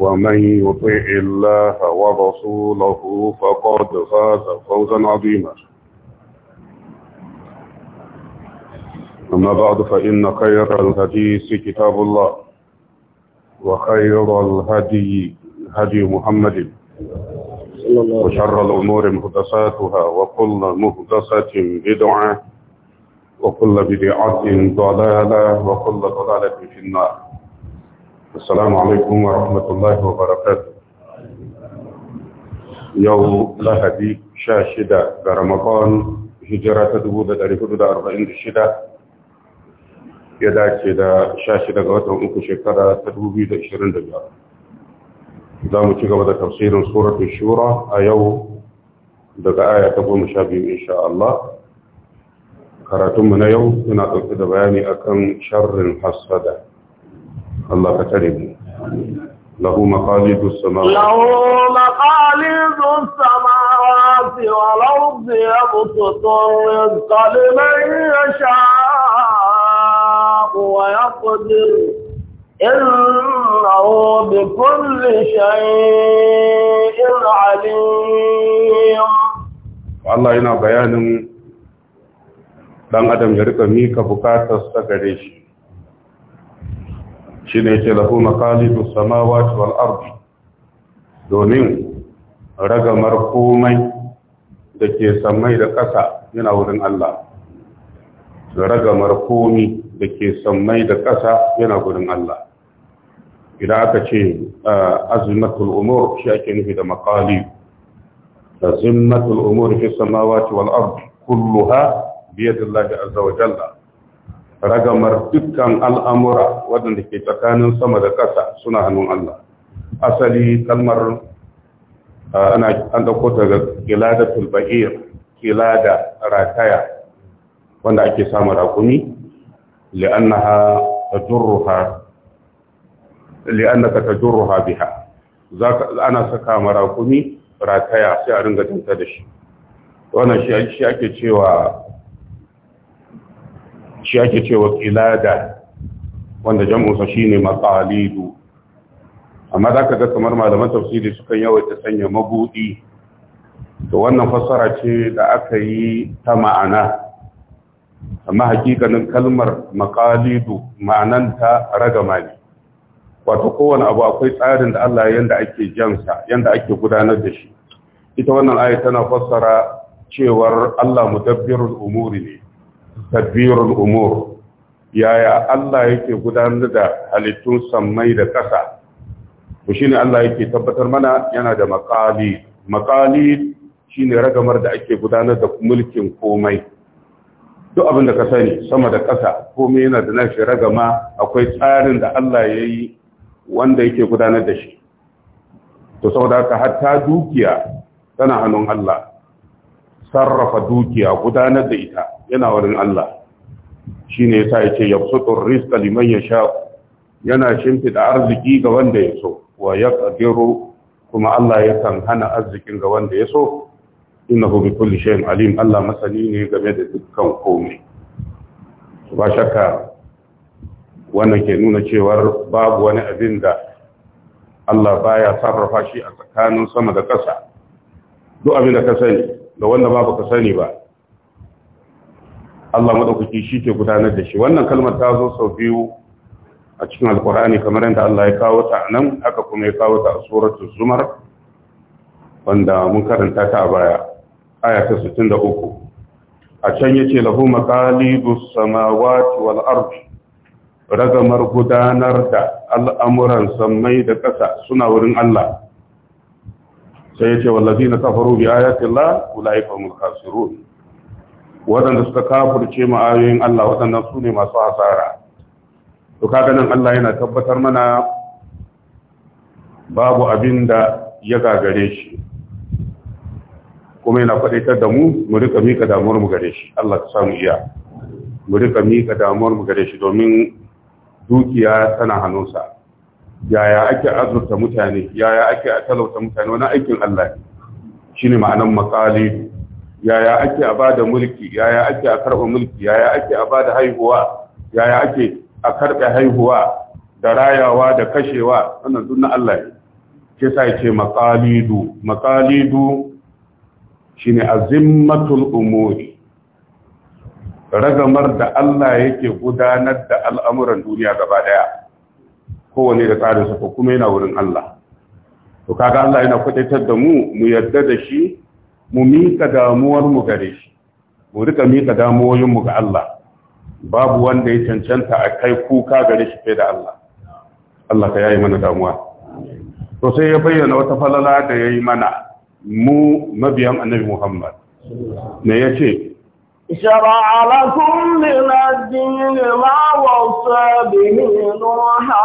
ومن يطع الله ورسوله فقد فاز فوزا عظيما أما بعد فإن خير الحديث كتاب الله وخير الهدي هدي محمد وشر الأمور مهدساتها وكل مهدسة بدعة وكل بدعة ضلالة وكل ضلالة في النار السلام عليكم ورحمة الله وبركاته يوم لهدي شاشدة رمضان هجرة تدبود الأريكود الأربعين الشدة يدعك إلى شاشدة غوثة ومكو شكرة تدبوبي لإشرين دبيار دامو تقوى تفسير سورة الشورى أيو daga aya ta goma sha biyu insha Allah karatunmu na yau suna ɗauke da bayani akan sharrin hasada Allah ka tsare mu lahu maqalidus samawati lahu maqalidus samawati wal ardi yabsutu rizqa liman yasha'u wa yaqdir إنه بكل شيء عليم Allah yana bayanin dan adam ya rika mika bukatar sa gare shi shi ne ce lahu maqalidu samawati wal ardi domin ragamar komai da ke samai da ƙasa yana wurin Allah ragamar komi da ke samai da ƙasa yana wurin Allah idan aka ce azmatul umur shi ake nufi da maqalid azmatul umur fi samawati wal ardi kulluha biyar da azza wa jalla ragamar dukkan al'amura waɗanda ke tsakanin sama da ƙasa suna hannun Allah. Asali kalmar an ɗauko daga gilada tulba'ir, gilada rataya, wanda ake samun rakumi, ka ta ha biha. Ana saka marakumi rataya sai a ringa danta da shi. Wannan shi ake cewa shi ake cewa kilada wanda jam'usa shine maqalidu amma ka ga kamar malaman tafsiri suka yawaita sanya mabuɗi? to wannan fassara ce da aka yi ta ma'ana amma hakikanin kalmar Makalidu ma'anan ta ragama ne wato kowane abu akwai tsarin da Allah yanda ake jansa yanda ake gudanar da shi ita wannan ayi tana fassara cewar Allah mudabbirul umuri ne tadbirul umur yaya Allah yake gudanar da halittun samai da ƙasa to shine Allah yake tabbatar mana yana da maqali maqali shine ragamar da ake gudanar da mulkin komai duk abin da ka sani sama da ƙasa komai yana da nashi ragama akwai tsarin da Allah ya yi wanda yake gudanar da shi to saboda haka hatta dukiya tana hannun Allah sarrafa dukiya gudanar da ita yana wurin Allah Shi shine yasa ya yabsutur rizqa liman yasha yana shimfida arziki ga wanda ya so wa yaqdiru kuma Allah yakan hana arzikin ga wanda ya so innahu bi kulli shay'in alim Allah masani ne game da dukkan komai ba shakka wannan ke nuna cewar babu wani abin da Allah baya sarrafa shi a tsakanin sama da ƙasa duk abin da ka sani da wanda ba ka sani ba Allah madaukaki shi ke gudanar da shi wannan kalmar ta zo sau biyu a cikin alkur'ani kamar yadda Allah ya kawo ta nan aka kuma ya kawo ta a suratul zumar wanda mun karanta ta a baya aya ta 63 a can yace lahu maqalibus samawati wal ragamar gudanar da al'amuran sammai da ƙasa suna wurin Allah sai yace wallazina kafaru bi ayati Allah ulaika hum khasirun waɗanda suka kafurce ma'ayoyin Allah waɗannan su ne masu hasara to kaga nan Allah yana tabbatar mana babu abin da ya gagare shi kuma yana faɗaitar da mu mu rika mika damuwar mu gare shi Allah ka samu iya mu rika mika damuwar mu gare shi domin dukiya tana hannunsa yaya ake azurta mutane yaya ake talauta mutane wani aikin Allah shi ne ma'anan makali yaya ake a bada mulki yaya ake a karɓa mulki yaya ake a bada haihuwa yaya ake a karɓa haihuwa da rayawa da kashewa wannan duk na Allah ne ke sa ce maqalidu maqalidu shine azimmatul umuri ragamar da Allah yake gudanar da al'amuran duniya gaba daya kowane da tsarin sa kuma yana wurin Allah to kaga Allah yana kudaitar da mu mu yarda da shi mu miƙa damuwar mu gare shi mu rika miƙa damuwoyin ga Allah babu wanda ya cancanta a kai kuka gare shi sai da Allah Allah ka yayi mana damuwa to sai ya bayyana wata falala da yayi mana mu mabiyan annabi Muhammad ne yace شرع لكم من الدين ما وصى به نوحا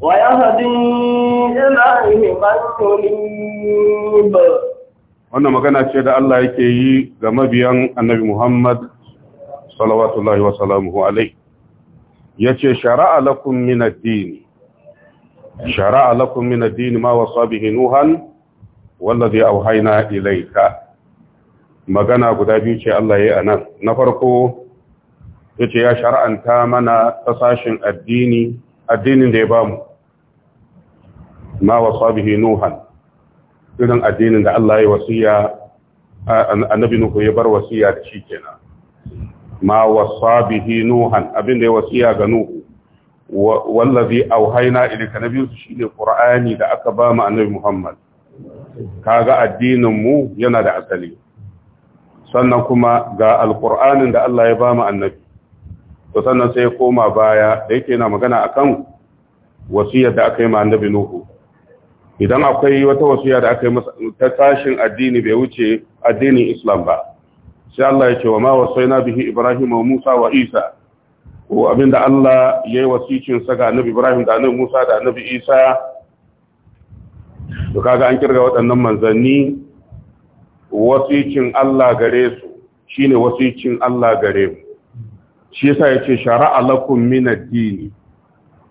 ويهدي wannan magana ce da Allah yake yi ga mabiyan annabi Muhammad salawatullahi wa salamuhu alai yace shara'a lakum min ad-din shara'a lakum min ad-din ma wasa bihi nuhan wallazi auhayna ilayka magana guda biyu ce Allah yayi anan na farko yace ya shara’anta mana tasashin addini addinin da ya bamu ma wasa bihi nuhan irin addinin da Allah ya wasiya annabi nuhu ya bar wasiya da shi kenan ma wasa bihi nuhan da ya wasiya ga nuhu wallazi auhayna ilayka nabiyyu shine qur'ani da aka ba mu annabi muhammad kaga addinin mu yana da asali sannan kuma ga alqur'anin da Allah ya ba mu annabi to sannan sai ya koma baya da yake yana magana akan wasiyar da aka yi ma annabi nuhu idan akwai wata wasuya da aka yi ta tashin addini bai wuce addinin islam ba sai Allah ya ce wa ma na bihi ibrahim wa musa wa isa ko abinda Allah yayi wasicin sa ga annabi ibrahim da annabi musa da annabi isa to kaga an kirga waɗannan manzanni wasicin Allah gare su shine wasicin Allah gare mu shi yasa yace shar'a lakum min ad-din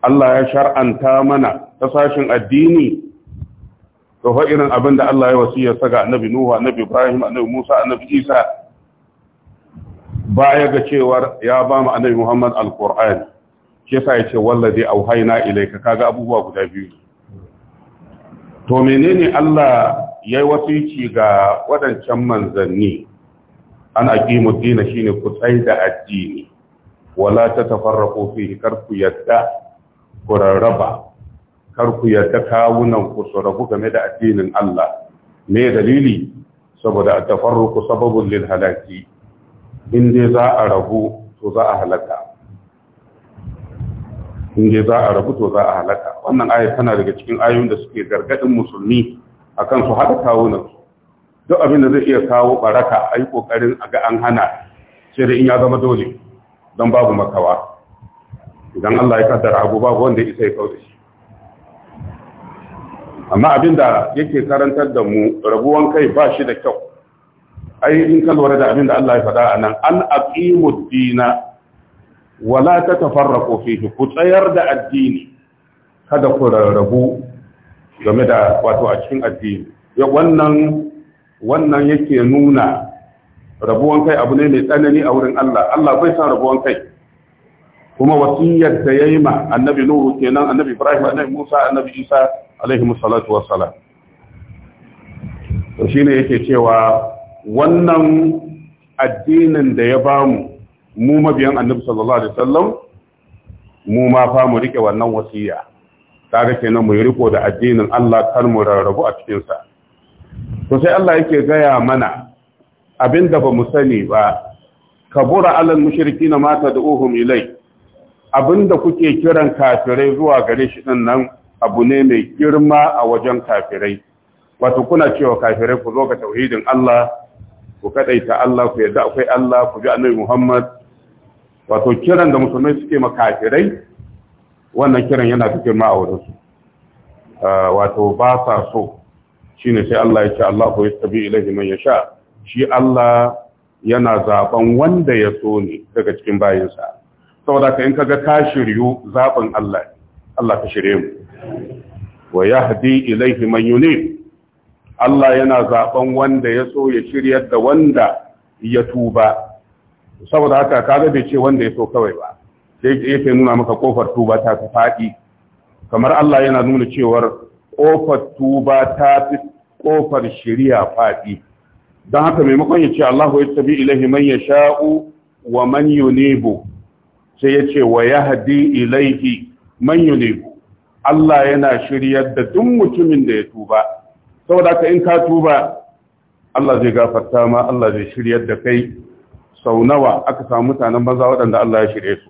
Allah ya shar'anta mana ta sashin addini to fa irin abin da Allah ya wasiyarsa ga annabi Nuhu annabi Ibrahim annabi Musa annabi Isa baya ga cewar ya ba mu annabi Muhammad alqur'ani shi yasa yace wallazi auhayna ilayka kaga abubuwa guda biyu to menene Allah yayi wasiyi ga wadancan manzanni an aqimu dina shine ku da addini wala tatafarraqu fihi karku yadda ku rarraba Karku, ku yarda kawunan ku su game da addinin Allah me dalili saboda a tafarruku sababun lil halaki in dai za a rabu to za a halaka in za a rabu to za a halaka wannan aya tana daga cikin ayoyin da suke gargadin musulmi akan su hada kawunan su duk abin da zai iya kawo baraka ai kokarin a ga an hana sai da in ya zama dole don babu makawa idan Allah ya kaddara abu babu wanda isa ya shi. amma abin da yake karantar da mu rabuwan kai ba shi da kyau ai in ka lura da abin da Allah ya faɗa a nan an aqimu dina wala tatafarraqu fihi ku tsayar da addini kada ku rarrabu game da wato a cikin addini wannan wannan yake nuna rabuwan kai abu ne mai tsanani a wurin Allah Allah bai san rabuwan kai kuma wasiyar da yayi ma annabi nuhu kenan annabi ibrahim annabi musa annabi isa alaihi salatu wassalam to shine yake cewa wannan addinin da ya bamu mu mabiyan annabi sallallahu alaihi wasallam mu ma fa mu rike wannan wasiya kaga kenan mu riko da addinin Allah kar mu rarrabu a cikin sa to sai Allah yake gaya mana abinda ba mu sani ba kabura alal mushrikina ma tad'uhum ilai abinda kuke kiran kafirai zuwa gare shi din nan abu ne mai girma a wajen kafirai wato kuna cewa kafirai ku zo ga tauhidin Allah ku kadaita Allah ku yarda akwai Allah ku bi annabi Muhammad wato kiran da musulmai suke ma kafirai wannan kiran yana cikin girma a ah, wato ba sa so shine sai Allah ya ce Allah ku yastabi ilaihi man yasha shi Allah yana zaben wanda ya so ne daga cikin bayinsa saboda ka in kaga ka shiryu zaben Allah Allah ka shirye mu wa yahdi ilaihi man yunib Allah yana zaben wanda ya so ya shiryar da wanda ya tuba saboda haka kaga bai ce wanda ya so kawai ba sai ce nuna maka kofar tuba ta fi faɗi kamar Allah yana nuna cewar kofar tuba ta fi kofar shiriya faɗi don haka maimakon ya ce Allahu ya tabi ilahi man ya sha'u wa man yunibu sai ya ce wa yahdi ilaihi man yunib Allah yana shiryar da duk mutumin da ya tuba saboda ka in ka tuba Allah zai gafarta ma Allah zai shiryar da kai sau nawa aka samu mutanen banza waɗanda Allah ya shirye su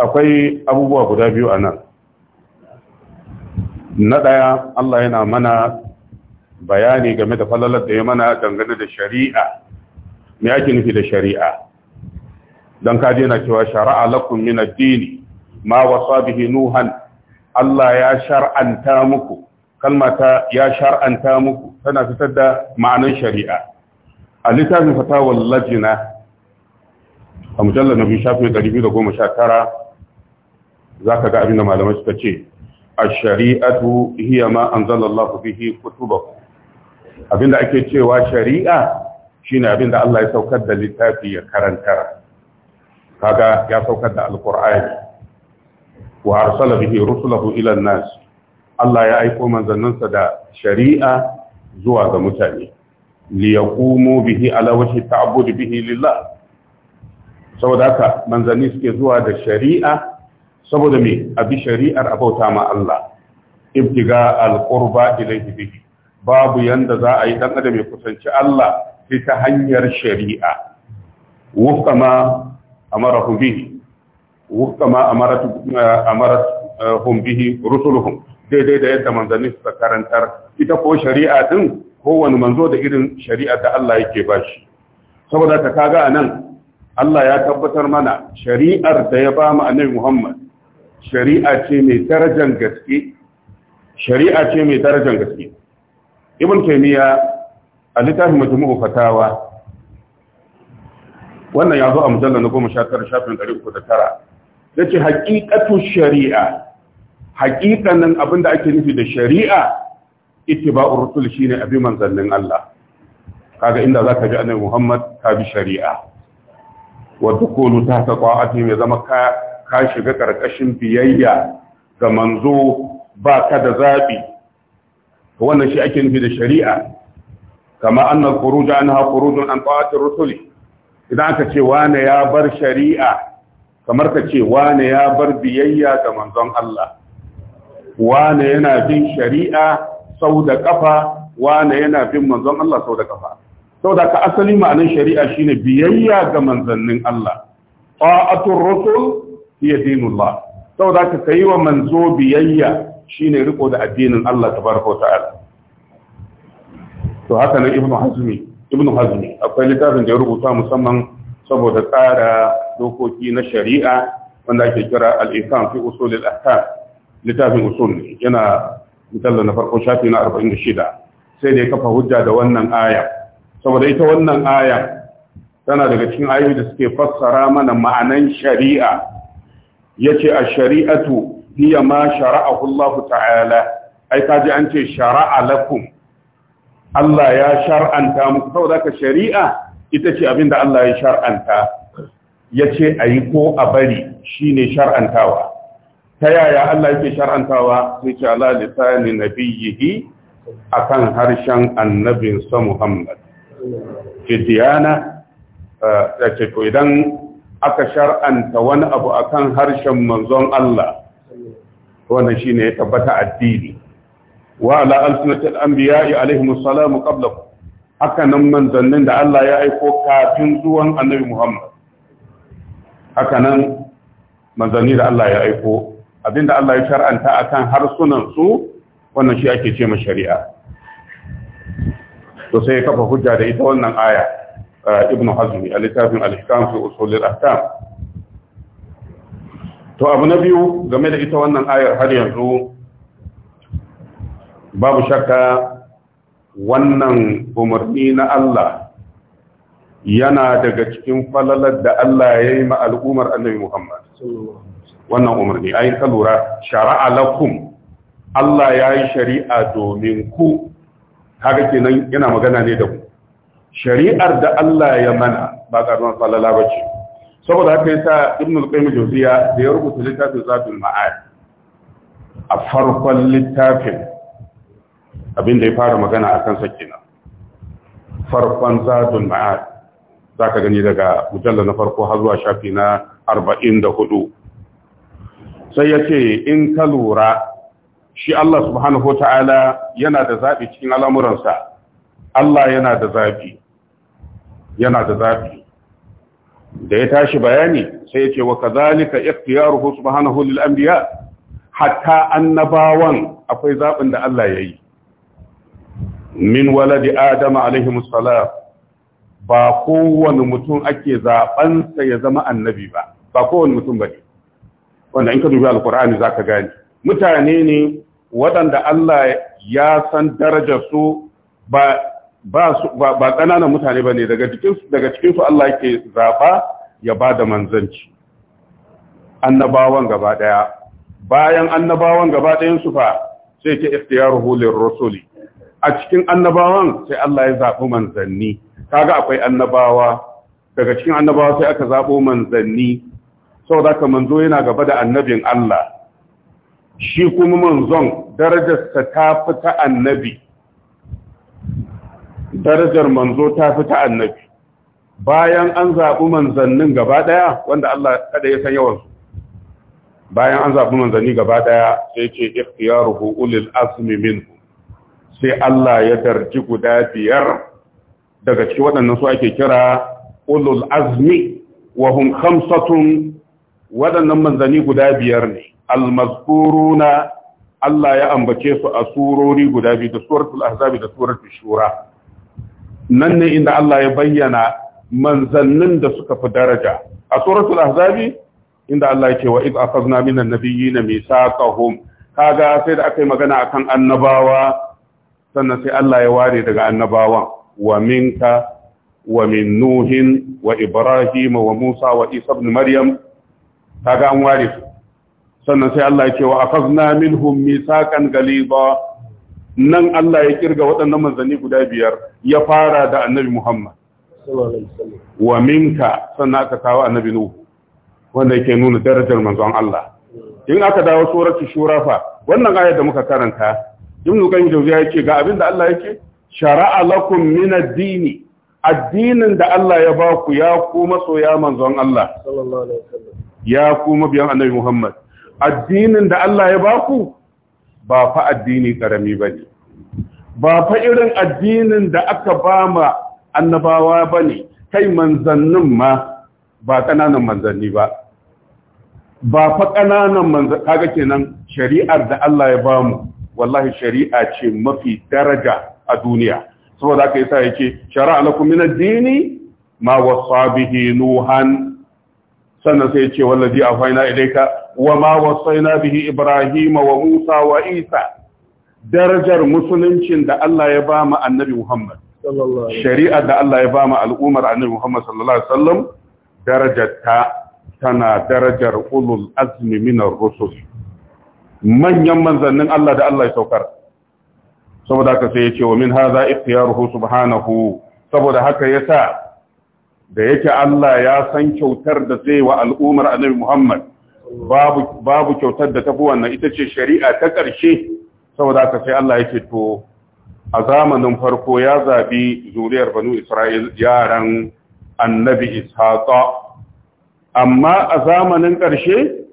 akwai abubuwa guda biyu a nan na ɗaya Allah yana mana bayani game da falalar da ya mana dangane da shari'a me ake nufi da shari'a don ka yana cewa shara'a lakum min addini dini ma wasa bihi nuhan Allah ya shar'anta muku kalmata ya shar'anta muku tana fitar da ma'anar shari'a a littafin fatawar lajina a mujallar na biyu sha tara, za ka ga da malamai suka ce a shari'atu hiya ma anzalallahu bihi Abin abinda ake cewa shari'a shine abinda Allah ya saukar da littafi ya karantar kaga ya saukar da alkur'ani wa arsala bihi rusulahu ila an-nas Allah ya aiko manzannansa da shari'a zuwa ga mutane li yaqumu bihi ala wajhi ta'bud bihi lillah saboda haka manzanni suke zuwa da shari'a saboda me abi shari'ar abauta ma Allah ibtiga al-qurba ilayhi bihi babu yanda za a yi dan adam ya kusanci Allah sai ta hanyar shari'a wufka ma amarahu bihi wufqa ma amarat amarat hum bihi rusuluhum daidai da yadda manzanni karantar ita ko shari'a din kowane manzo da irin shari'a da Allah yake bashi saboda ta kaga anan Allah ya tabbatar mana shari'ar da ya bama mu annabi Muhammad shari'a ce mai darajar gaske shari'a ce a littafin majmu'u fatawa wannan ya zo a mujallar na goma sha tara shafin ɗari uku da tara ya ce haƙiƙatu shari'a haƙiƙanin abin da ake nufi da shari'a ittiba'ur rusul shine abin manzannin Allah kaga inda zaka ji annabi Muhammad ka bi shari'a wa dukulu ta ta'ati mai zama ka ka shiga karkashin biyayya ga manzo ba ka da zabi wannan shi ake nufi da shari'a kama anna al-khuruj anha khurujun an ta'ati rusuli idan aka ce wane ya bar shari'a kamar ka ce wane ya bar biyayya ga manzon Allah wane yana bin shari'a sau da kafa wane yana bin manzon Allah sau da kafa sau da ka asali ma'anin shari'a shine biyayya ga manzannin Allah ta'atul rusul hiya dinullah sau da ka kai wa manzo biyayya shine riko da addinin Allah tabaraka wa ta'ala to haka nan ibnu hazmi ibn hazmi akwai littafin da ya rubuta musamman saboda tsara dokoki na shari'a wanda ake kira al-ihkam fi usul ahkam littafin usul yana mutalla na farko shafi na 46 sai da ya kafa hujja da wannan aya saboda ita wannan aya tana daga cikin ayoyi da suke fassara mana ma'anan shari'a yace ash-shari'atu hiya ma shara'ahu Allah ta'ala ai kaji an ce shara'a lakum Allah ya shar'anta muku saboda ka shari'a ita ce abin da Allah ya shar'anta ya ce a yi ko a bari shine shar'antawa ta yaya Allah yake shar'antawa sai ce ala lisani nabiyyihi akan harshen annabinsa Muhammad fitiyana da eh, ce idan aka shar'anta wani abu akan harshen manzon Allah wannan shine ya tabbata addini wa ala alsinatil anbiya'i alaihim assalamu qablahu haka nan manzannin da Allah ya aiko kafin zuwan annabi Muhammad haka nan manzanni da Allah ya aiko abinda Allah ya shar'anta akan harsunan su wannan shi ake ce ma shari'a to sai kafa hujja da ita wannan aya eh, ibnu hazmi a littafin al-hikam fi usul al-ahkam to abu na biyu game da ita wannan ayar har yanzu babu shakka wannan umarni na Allah yana daga cikin falalar da Allah ya yi ma al'umar annabi Muhammad. Wannan umarni, ayi ka lura, shara'a lakum, Allah ya yi shari'a domin ku, haka kenan yana magana ne da ku. Shari'ar da Allah ya mana ba ƙarfin falala ba ce. Saboda haka ya sa Ibn al-Qaim Josiya da ya rubuta littafin zafin ma'ad a farkon littafin abin da ya fara magana a kansa kenan farkon zadun ma'ad za ka gani daga mujalla na farko har zuwa shafi na arba'in da hudu sai ya ce in ka lura shi Allah subhanahu wa ta'ala yana da zaɓi cikin al'amuransa Allah yana da zaɓi yana da zaɓi da ya tashi bayani sai ya ce wa kazalika ikhtiyaruhu subhanahu lil hatta annabawan akwai zaɓin da Allah ya yi min waladi adam alaihi salam ba kowane mutum ake zaɓansa ya zama annabi ba ba kowane mutum ba ne wanda in ka dubi alqur'ani za ka gani mutane ne waɗanda Allah ya san darajarsu ba ba ƙananan mutane ba ne daga cikinsu Allah yake zaɓa ya ba da manzanci annabawan gaba ɗaya bayan annabawan gaba ɗayansu fa sai ke ikhtiyaruhu lirrusuli a cikin annabawan sai Allah ya zaɓi manzanni kaga akwai annabawa daga cikin annabawa sai aka zaɓo manzanni saboda ka manzo yana gaba da annabin Allah shi kuma manzon darajarsa ta fi ta annabi darajar manzo ta fi ta annabi bayan an zaɓi manzannin gaba ɗaya wanda Allah kada ya san yawansu bayan an zaɓi manzanni gaba ɗaya sai ce ikhtiyaruhu ulil azmi minhu sai Allah ya darji guda biyar daga cikin waɗannan su ake kira ulul azmi wa hum khamsatun waɗannan manzani guda biyar ne almazkuruna Allah ya ambace su a surori guda biyu da suratul ahzab da suratul shura nan ne inda Allah ya bayyana manzannin da suka fi daraja a suratul ahzab inda Allah ya ce wa iz akhadna minan nabiyyin mithaqahum kaga sai da aka yi magana akan annabawa sannan sai Allah ya ware daga annabawan wa minka wa min nuhin wa ibrahim wa musa wa isa ibn maryam kaga an ware su sannan sai Allah ya ce wa akhadna minhum mithaqan galiba nan Allah ya kirga waɗannan manzanni guda biyar ya fara da annabi Muhammad wa minka sannan aka kawo annabi Nuhu wanda yake nuna darajar manzon Allah hmm. in aka dawo suratul shura fa wannan ayar da muka karanta ibn qayyim jawziya yace ga abin da Allah yake shara'a lakum min ad-dini addinin da Allah ya ba ku ya ku masoya manzon Allah sallallahu alaihi ya ku mabiyan annabi Muhammad addinin da Allah ya ba ku ba fa addini karami bane ba fa irin addinin da aka ba ma annabawa bane kai manzannin ma ba kananan manzanni ba ba fa kananan manzan kaga kenan shari'ar da Allah ya bamu. wallahi shari'a ce mafi daraja a duniya saboda aka yi haka yasa ce, shari'a lakum min ad-dini ma wasa bihi nuhan sannan sai yace wallazi afaina ilayka wa ma wasaina bihi ibrahima wa musa wa isa darajar musuluncin da Allah ya ba mu annabi Muhammad shari'a da Allah ya ba mu al'ummar annabi Muhammad sallallahu alaihi wasallam darajarta tana darajar ulul azmi minar rusul manyan manzannin Allah da Allah ya saukar saboda haka sai ya ce wa min haza ikhtiyaruhu subhanahu saboda haka yasa da yake Allah ya san kyautar da zai wa al'ummar annabi Muhammad babu babu kyautar da tafi wannan ita ce shari'a ta ƙarshe saboda haka sai Allah yake to a zamanin farko ya zabi zuriyar banu Isra'il yaran annabi Ishaq, amma a zamanin ƙarshe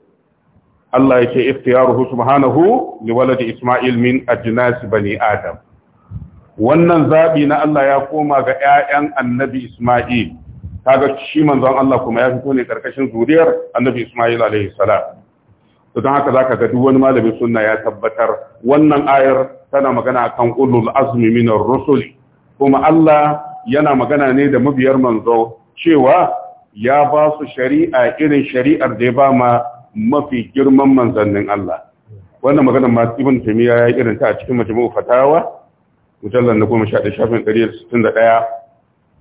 Allah yake iftiyaruhu subhanahu li waladi Isma'il min ajnas bani Adam wannan zabi na Allah ya koma ga ƴaƴan Annabi Isma'il kaga shi manzon Allah kuma ya fito ne karkashin zuriyar Annabi Isma'il alaihi salam to dan haka zaka ga duk wani malamin sunna ya tabbatar wannan ayar tana magana akan ulul azmi minar rusul kuma Allah yana magana ne da mabiyar manzo cewa ya ba su shari'a irin shari'ar da ya ba ma mafi girman manzannin Allah wannan magana ma ibn taymiya ya irin ta a cikin majmu'u fatawa mujallal na 11 shafin 161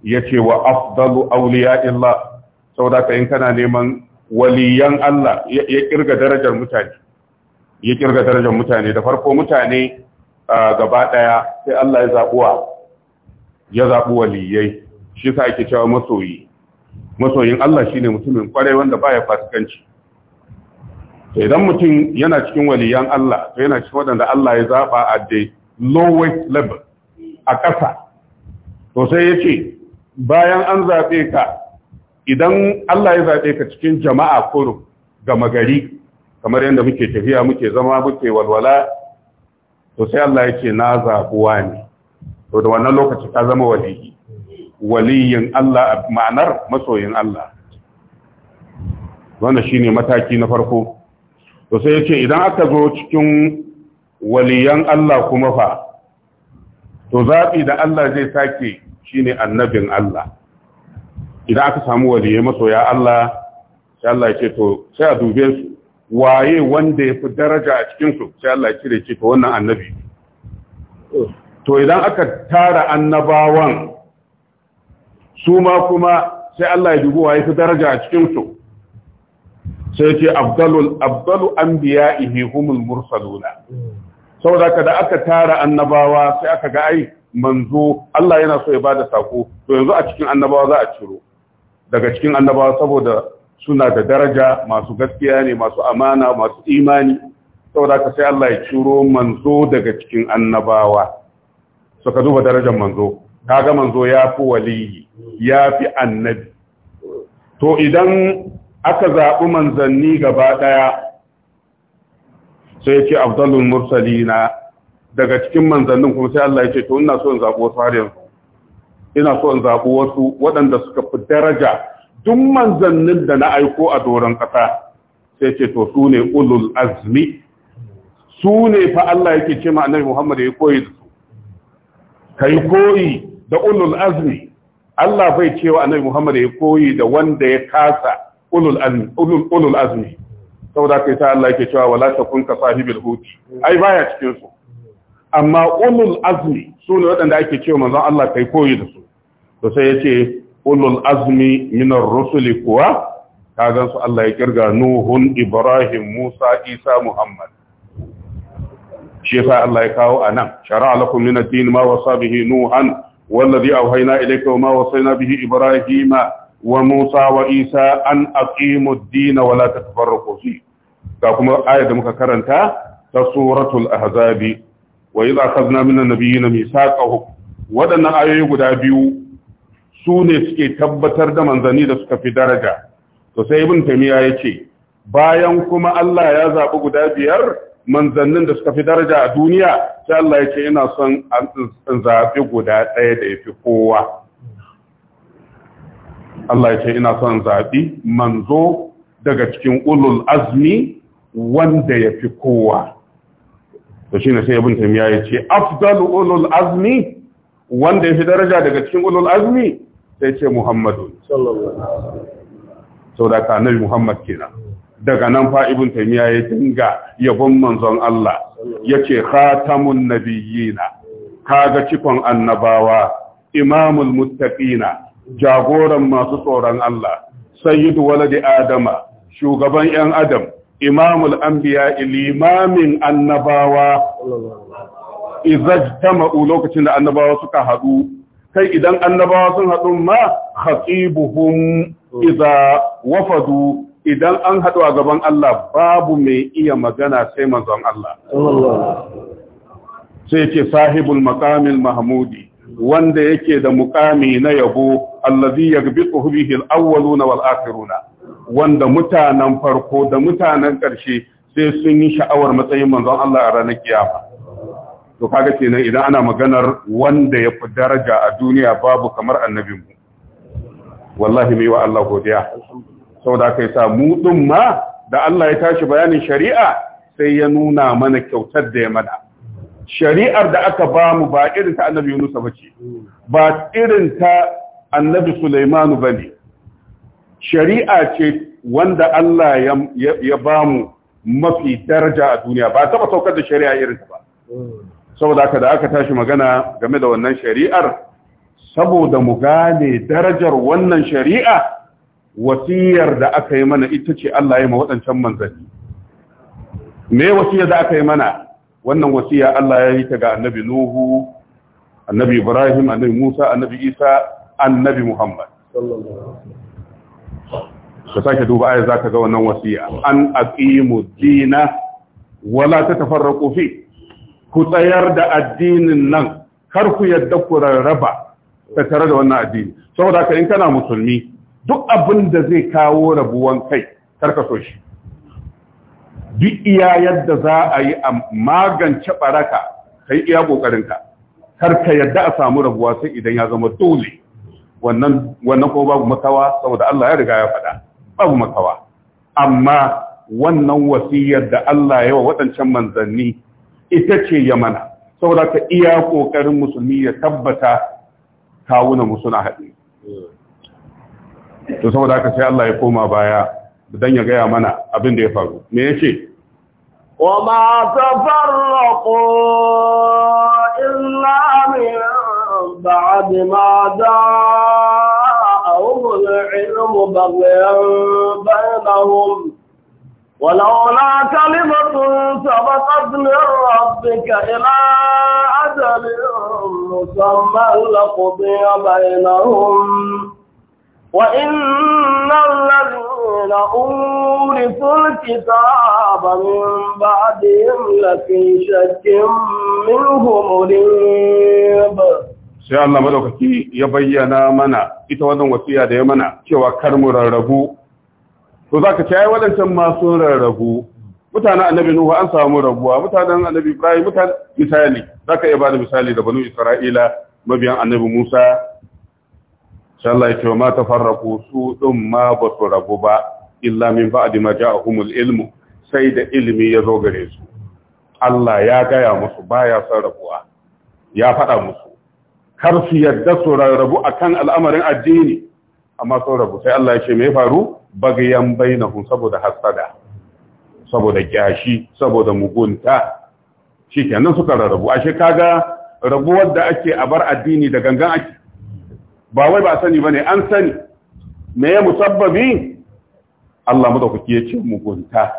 yace wa afdalu awliya'illah saboda ka in kana neman waliyan Allah ya kirga darajar mutane ya kirga darajar mutane da farko mutane gaba ɗaya, sai Allah ya zabuwa ya waliyai shi sa ake cewa masoyi masoyin Allah shi ne mutumin kwarai wanda baya fasikanci to idan mutum yana cikin waliyan Allah to yana cikin wadanda Allah ya zaba a the lowest level a ƙasa to sai ya ce bayan an zaɓe ka idan Allah ya zaɓe ka cikin jama'a kurum gama gari kamar yadda muke tafiya muke zama muke walwala to sai Allah ya ce na zaɓuwa ne to da wannan lokaci ka zama waliyi waliyin Allah ma'anar masoyin Allah wannan shine mataki na farko to sai yace idan aka zo cikin waliyan Allah kuma fa to zabi da Allah zai sake shine annabin Allah idan aka samu waliye masoya Allah sai Allah ya ce to sai a dube su waye wanda ya fi daraja a cikinsu sai Allah cire ce to wannan annabi to idan aka tara annabawan su ma kuma sai Allah ya dubi waye fi daraja a cikinsu sai ce abdalul an biya humul mursaluna saboda ka da aka tara annabawa sai aka ga ai manzo Allah yana so ya bada sako to yanzu a cikin annabawa za a ciro daga cikin annabawa saboda suna da daraja masu gaskiya ne masu amana masu imani saboda ka sai Allah ya ciro manzo daga cikin annabawa ka duba darajar manzo kaga manzo ya fi waliyi ya fi annabi to idan aka zaɓi manzanni gaba ɗaya sai ke abdullun mursali mursalina daga cikin manzannin kuma sai Allah ya ce to ina so in zaɓi wasu har yanzu ina so in zaɓi wasu waɗanda suka fi daraja duk manzannin da na aiko a doron ƙasa sai ce to su ne ulul azmi su ne fa Allah yake ce ma annabi Muhammad ya koyi da su kai koyi da ulul azmi Allah bai cewa annabi Muhammad ya koyi da wanda ya kasa ulul azmi ulul ulul azmi saboda ta Allah yake cewa wala takun ka sahibil huti ai baya cikin su amma ulul azmi sune waɗanda ake cewa manzon Allah kai koyi da su to sai yace ulul azmi minar rusuli kuwa Ka su Allah ya kirga Nuhun Ibrahim Musa Isa Muhammad shi yasa Allah ya kawo anan shar'a lakum min ad-din ma wasa bihi Nuhan والذي أوهينا إليك وما وصينا به إبراهيم wa Musa wa Isa an aqimu ad-din wa la tatafarraqu fi kuma ayar da muka karanta ta suratul ahzabi wa idza akhadna minan nabiyina mithaqahum wadannan ayoyi guda biyu su ne suke tabbatar da manzani da suka fi daraja to sai ibn tamiya yace bayan kuma Allah ya zabi guda biyar manzannin da suka fi daraja a duniya sai Allah ce yana son an zabi guda ɗaya da yafi kowa Allah ya ce ina son zaɓi manzo daga cikin ulul azmi wanda ya fi kowa da shi ne sai abin taimiya ya ce afdalu ulul azmi wanda ya fi daraja daga cikin ulul azmi sai ce muhammadu sau da ka nabi muhammad kenan daga nan fa ibn ya dinga yabon manzon Allah ya ce khatamun nabiyina kaga cikon annabawa imamul muttaqina jagoran masu tsoron Allah sayyidu waladi adama shugaban yan adam imamul anbiya limamin annabawa izajtama'u lokacin da annabawa suka haɗu kai idan annabawa sun haɗu ma khatibuhum idza wafadu idan an haɗu a gaban Allah babu mai iya magana sai manzon Allah sai ke sahibul maqamil mahmudi wanda yake da mukami na yabo allazi yaghbitu bihi al-awwaluna wal wanda mutanen farko da mutanen ƙarshe sai sun yi sha'awar matsayin manzon Allah a ranar kiyama to kaga kenan idan ana maganar wanda ya fi daraja a duniya babu kamar annabinmu wallahi mai wa Allah godiya saboda kai sa mu din ma da Allah ya tashi bayanin shari'a sai ya nuna mana kyautar da ya mana shari'ar da aka ba mu ba irin ta annabi Yunus ba ce ba irin ta annabi Suleimanu ba ne shari'a ce wanda Allah ya ba mu mafi daraja a duniya ba taba saukar da shari'a irin ta ba saboda haka da aka tashi magana game da wannan shari'ar saboda mu gane darajar wannan shari'a wasiyar da aka yi mana ita ce Allah ya ma waɗancan manzanni me wasiyar da aka yi mana wannan wasiya Allah ya yi ta ga annabi Nuhu annabi Ibrahim annabi Musa annabi Isa annabi Muhammad ka sake duba za ka ga wannan wasiya an aqimu dina wala ta tatafarraqu fi ku tsayar da addinin nan kar ku yadda ku rarraba ta tare da wannan addini saboda ka in kana musulmi duk abin da zai kawo rabuwan kai kar ka so shi duk iya yadda za a yi a magance baraka ka yi iya ƙoƙarinka kar ka yadda a samu rabuwa sai idan ya zama dole wannan ko babu makawa saboda Allah ya riga ya faɗa babu makawa amma wannan wasiyar da Allah ya wa waɗancan manzanni ita ce yamana saboda ka iya ƙoƙarin musulmi ya tabbata kawuna musuna haɗe to saboda haka sai Allah ya koma baya dan ya gaya mana abin da ya faru me yace وما تفرقوا إلا من بعد ما جاءهم العلم بغيا بينهم ولولا كلمة سبقت من ربك إلى أجل مسمى لقضي بينهم وَإِنَّ الَّذِينَ أُورِثُوا الْكِتَابَ مِنْ بَعْدِهِمْ لَفِي شَكٍّ مِنْهُ مُرِيبٍ sai Allah madaukaki ya bayyana mana ita wannan wasiya da ya mana cewa kar mu rarrabu to zaka ce ai wadancan ma sun rarrabu mutanen annabi nuhu an samu rabuwa mutanen annabi ibrahim mutanen misali zaka iya bada misali da banu isra'ila mabiyan annabi musa sai Allah ya ce ma tafarraqu su ɗin ma ba su rabu ba illa min ba'di ma ja'ahumul ilmu sai da ilimi ya zo gare su Allah ya gaya musu baya son rabuwa ya faɗa musu kar su yadda su rabu kan al'amarin addini amma sun rabu sai Allah ya ce me faru bagayan bainahum saboda hasada saboda kyashi saboda mugunta kenan suka rarrabu ashe kaga rabuwar da ake a bar addini da gangan ake ba wai ba sani ba ne, an sani me ya musabbabi Allah madaukaki ce mugunta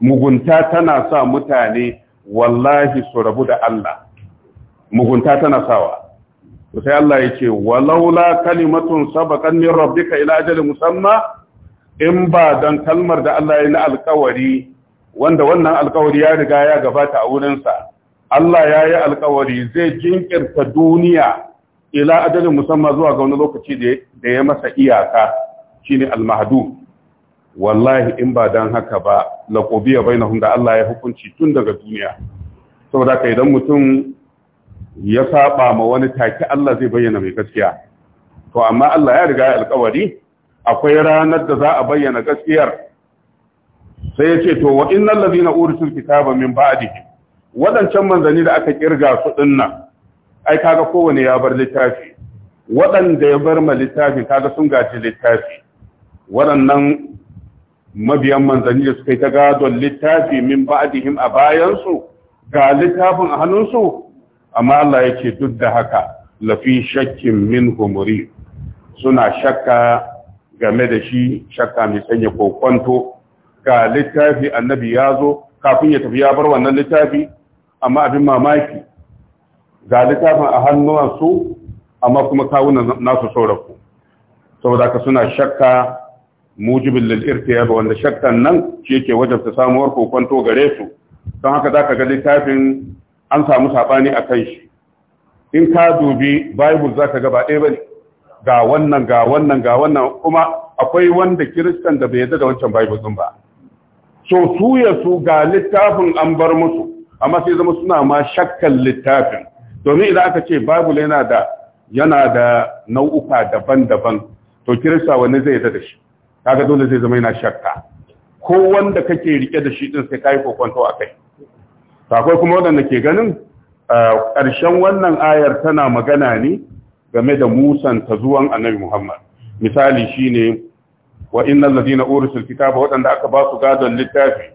mugunta tana sa mutane wallahi su rabu da Allah mugunta tana sawa to sai Allah yace walaula kalimatun sabaqan min rabbika ila ajalin musamma in ba dan kalmar da Allah ya na alƙawari wanda wannan alƙawari ya riga ya gabata a wurinsa Allah ya yi alƙawari zai jinkirta duniya ila adalin musamman zuwa ga wani lokaci da ya masa iyaka shine al wallahi in ba dan haka ba laqubiya bainahum da Allah ya hukunci tun daga duniya saboda kai idan mutum ya saba ma wani take Allah zai bayyana mai gaskiya to amma Allah ya riga alƙawari akwai ranar da za a bayyana gaskiyar sai ya ce to wa innal ladina urisul kitaba min ba'dihi wadancan manzani da aka kirga su dinnan ai kaga kowane ya bar littafi waɗanda ya bar ma littafi kaga sun gaji littafi waɗannan mabiyan manzanni da suka yi ta gadon littafi min ba'dihim a bayansu ga littafin a hannunsu amma Allah yake duk da haka lafi shakkin min humuri suna shakka game da shi shakka mai sanya kokonto ga littafi annabi ya zo kafin ya tafi ya bar wannan littafi amma abin mamaki ga littafin a hannuwansu amma kuma kawunan nasu sauraku saboda haka suna shakka mujibin lil'irtiyar wanda shakkan nan shi yake su samuwar kokonto gare su don haka za ka ga littafin an samu saɓani a kan shi in ka dubi bible za ka gaba ɗaya bane ga wannan ga wannan ga wannan kuma akwai wanda kiristan da bai yadda da wancan bible ɗin ba so su ya ga littafin an bar musu amma sai zama suna ma shakkan littafin domin idan aka ce bible yana da yana da nau'uka daban-daban to kirista wani zai yarda da shi kaga dole zai zama yana shakka ko wanda kake rike da shi din sai kai kokonto akai akwai kuma wanda ke ganin ah, ƙarshen wannan ayar tana magana ne game da musan ta zuwan annabi Muhammad misali shine wa innal ladina urisul kitaba waɗanda aka ba su gadon littafi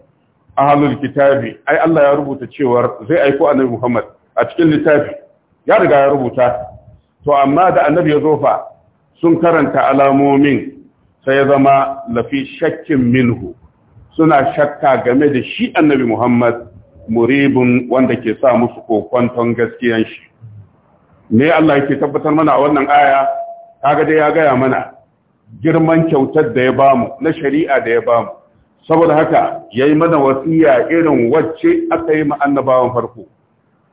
ahlul kitabi ai Allah ya rubuta cewa zai aiko annabi Muhammad a cikin littafi ya riga ya rubuta to amma da annabi ya zo sun karanta alamomin sai ya zama lafi shakkin minhu suna shakka game da shi annabi Muhammad muribun wanda ke sa musu kokwanton gaskiyan shi me Allah yake tabbatar mana a wannan aya kaga dai ya gaya mana girman kyautar da ya bamu na shari'a da ya bamu saboda haka yayi mana wasiya irin wacce aka yi ma annabawan farko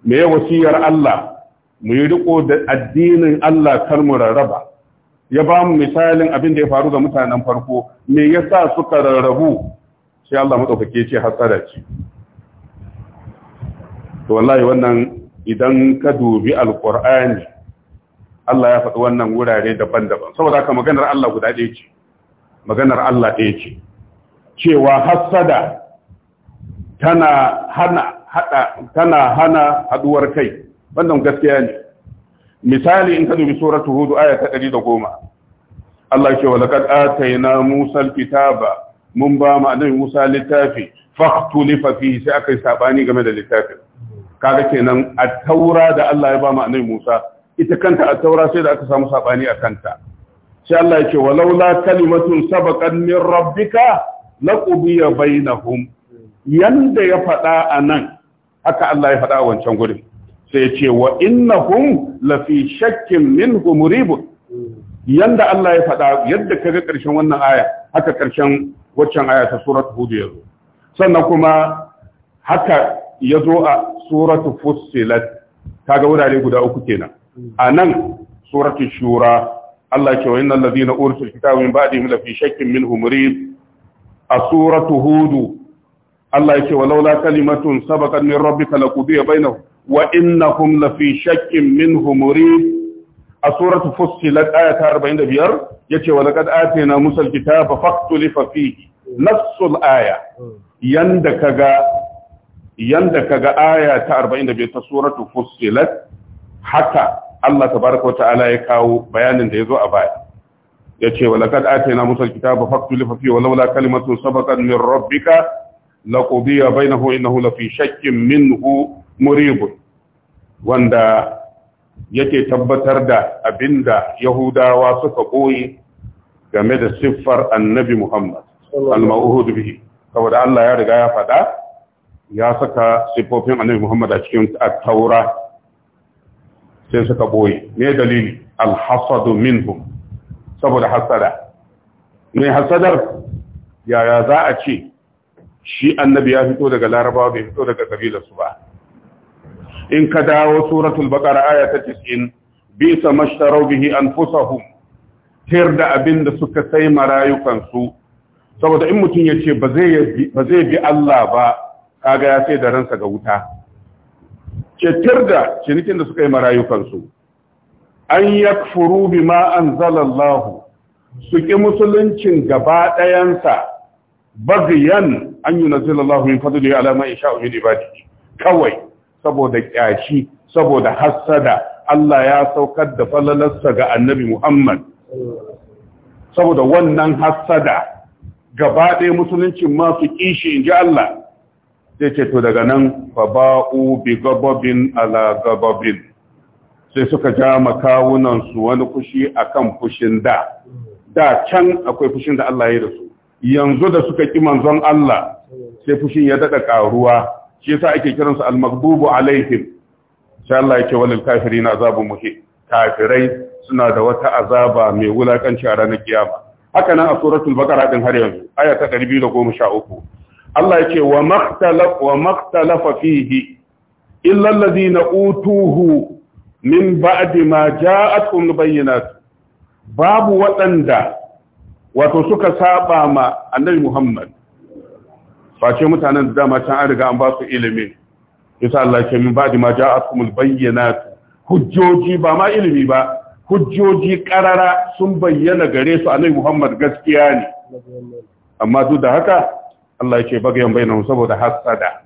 me wasiyar Allah mu yi riko da addinin Allah kar mu rarraba ya ba mu misalin abin da ya faru ga mutanen farko me yasa suka rarrabu sai Allah madaukake ce hasara ce to wallahi wannan idan ka dubi alqur'ani Allah ya faɗi wannan wurare daban-daban saboda haka maganar Allah guda ɗaya ce maganar Allah ɗaya ce cewa hasada tana hana hada tana hana haduwar kai wannan gaskiya ne misali in ka dubi suratu hud aya ta 110 Allah ke wa laqad atayna Musa al-kitaba mun ba mu annabi Musa littafi fahtulifa fihi sai akai sabani game da littafin kaga kenan at-taura da Allah ya ba ma annabi Musa ita kanta at-taura sai da aka samu sabani a kanta sai Allah ya ce walaula kalimatun sabaqat min rabbika laqudiya bainahum yanda ya faɗa anan haka Allah ya faɗa a wancan gurin sai ce wa inna la fi shakkin minhu muribun yanda Allah ya faɗa yadda ga ƙarshen wannan aya haka ƙarshen waccan aya ta surat ya yazo sannan kuma haka ya zo a surat Ta kaga wurare guda uku kenan anan suratul shura Allah ce wa innal na ursil kitaba min ba'dihim la fi shakkin a suratu hudu. Allah ya ce wa laula kalimatun sabaqat min rabbika laqudiya bainahum wa innahum la fi shakkin minhu murid a aya ta 45 yace wa laqad atina musal kitaba faqtulifa fihi nafsul aya yanda kaga yanda kaga aya ta 45 ta suratu fussilat haka Allah tabaraka wa ta'ala ya kawo bayanin da zo a baya yace wa laqad atina musal kitaba faqtulifa fihi wa laula kalimatun sabaqat min rabbika laqudiya bainahu fi shakkin minhu muribun wanda yake tabbatar da abinda yahudawa suka koyi game da siffar annabi muhammad al-ma'uhud bihi saboda Allah ya riga ya faɗa ya saka siffofin annabi muhammad a cikin taura sai suka boye me dalili al-hasadu minhum saboda hasada mai hasadar yaya za a ce shi annabi ya fito daga larabawa bai fito daga kabilarsu ba in ka dawo suratul baqara aya ta 90 bi samashtaru bihi anfusahum tir da abinda suka sai marayukan su saboda in mutun yace ba zai ba zai bi Allah ba kaga ya sai da ransa ga wuta cetar da cinikin da suka yi marayukan su an yakfuru bima anzalallahu su ki musuluncin gaba ɗayansa bagyan an yi nazilallahu min fadli ala man yasha'u min ibadihi kawai saboda kyashi saboda hassada Allah ya saukar da falalarsa ga annabi Muhammad saboda wannan hassada gaba ɗaya musuluncin masu kishi in ji Allah sai ce to daga nan fa ba'u bi gababin ala gababin sai suka ja makawunansu wani kushi kan fushin da da can akwai fushin da Allah ya da su yanzu da suka ƙi manzon Allah sai fushin ya daɗa ƙaruwa shi yasa ake kiran su al-maghdubu alaihim sai Allah yake walil kafirin azabun muhim kafirai suna da wata azaba mai wulakanci a ranar kiyama haka nan a suratul baqara din har yanzu aya ta 213 Allah yake wa makhtalaf wa makhtalafa fihi illa alladhina utuhu min ba'di ma ja'atkum bayyinat babu waɗanda wato suka saba ma annabi Muhammad face mutanen da dama can an riga an ba su ilimi yasa Allah ke min ba'di ma ja'atkumul bayyinat hujjoji ba ma ilimi ba hujjoji karara sun bayyana gare su annabi Muhammad gaskiya ne amma duk da haka Allah ya ce bagayen bayyana saboda hasada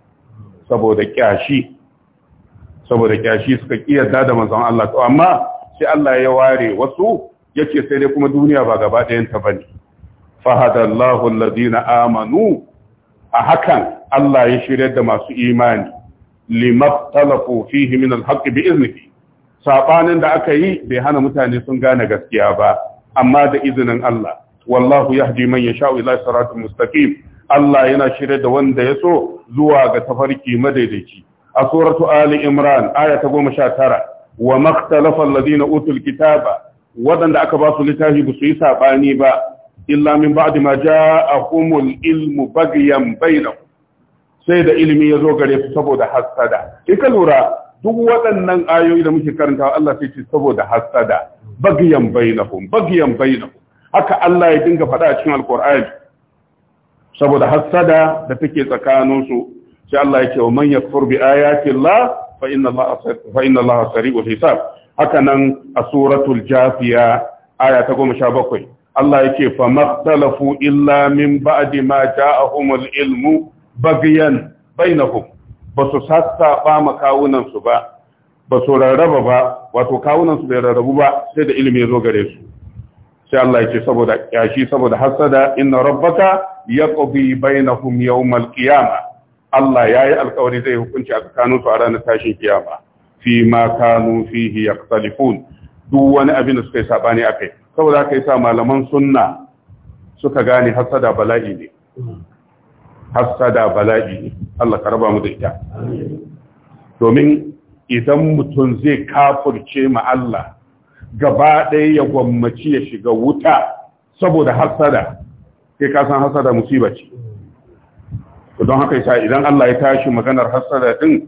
saboda kyashi saboda kyashi suka kiyarda da manzon Allah to amma sai Allah ya ware wasu yace sai dai kuma duniya ba gaba ɗayan ta bane fahadallahu alladhina amanu a hakan Allah ya shirya da masu imani limattalafu fihi min alhaqqi bi iznihi sabanin da aka yi bai hana mutane sun gane gaskiya ba amma da izinin Allah wallahu yahdi man yasha ila siratin mustaqim Allah yana shirya da wanda ya so zuwa ga tafarki madaidaici a suratu ali imran aya ta 19 wa makhtalafa alladhina utul kitaba wadanda aka ba su littafi ba su yi sabani ba illa min ba'di ma ja'akumul ilmu baghyan bainakum sai da ilimi ya zo gare su saboda hasada in ka lura duk waɗannan ayoyi da muke karantawa Allah sai ce saboda hasada baghyan bainahum baghyan bainahum haka Allah ya dinga faɗa a cikin alqur'ani saboda hasada da take tsakanin su sai Allah ya ce wa man yakfur bi ayati Allah fa inna Allah fa inna Allah sari'ul hisab haka nan a suratul jafiya aya ta 17 Allah yake fa maktalafu illa min ba'di ma ja'ahumul ilmu bagiyan bainahum basu sassaba makawunan su ba basu rarraba ba wato kawunan su bai rarrabu ba sai da ilimi ya zo gare su sai Allah yake saboda yashi saboda hasada inna rabbaka yaqdi bainahum yawmal qiyamah Allah yayi alƙawari zai hukunci a tsakanin su a ranar tashin kiyama fi ma kanu fihi yaqtalifun duk wani abin da suka yi sabani akai saboda haka sa malaman sunna suka gane hasada bala'i ne hasada bala'i ne Allah ka raba mu da ita domin idan mutum zai kafurce ma Allah gaba ɗaya ya gwammaci ya shiga wuta saboda hasada sai ka san hasada musiba ce don haka yasa idan Allah ya tashi maganar hasada din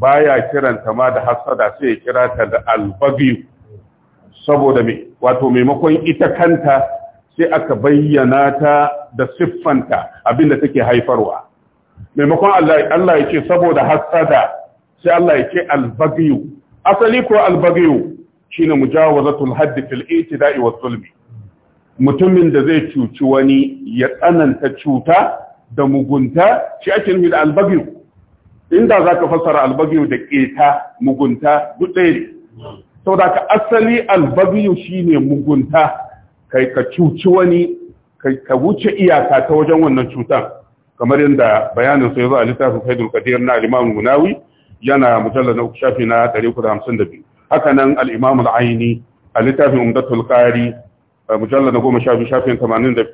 baya kiranta ma da hasada sai ya kira ta da albaghi saboda me wato maimakon ita kanta sai aka bayyana ta da siffanta abinda take haifarwa maimakon Allah ya ce saboda hasada sai Allah ya ce albagiyu asali ko albagiyu shine mujawazatul haddi fil itida'i wa zulmi mutumin da zai cuci wani ya tsananta cuta da mugunta shi ake nufi da albagiyu inda zaka fassara albagiyu da keta mugunta duk ɗaya saboda ka asali albabiyu shine mugunta kai ka cuci wani kai ka wuce iyaka ta wajen wannan cutan kamar yadda bayanin sai zuwa littafin Faidul Qadir na Imam Munawi yana mujallal na uku shafi na 352 haka nan al-Imam al-Aini a littafin Umdatul Qari mujallal na goma shafi shafin 82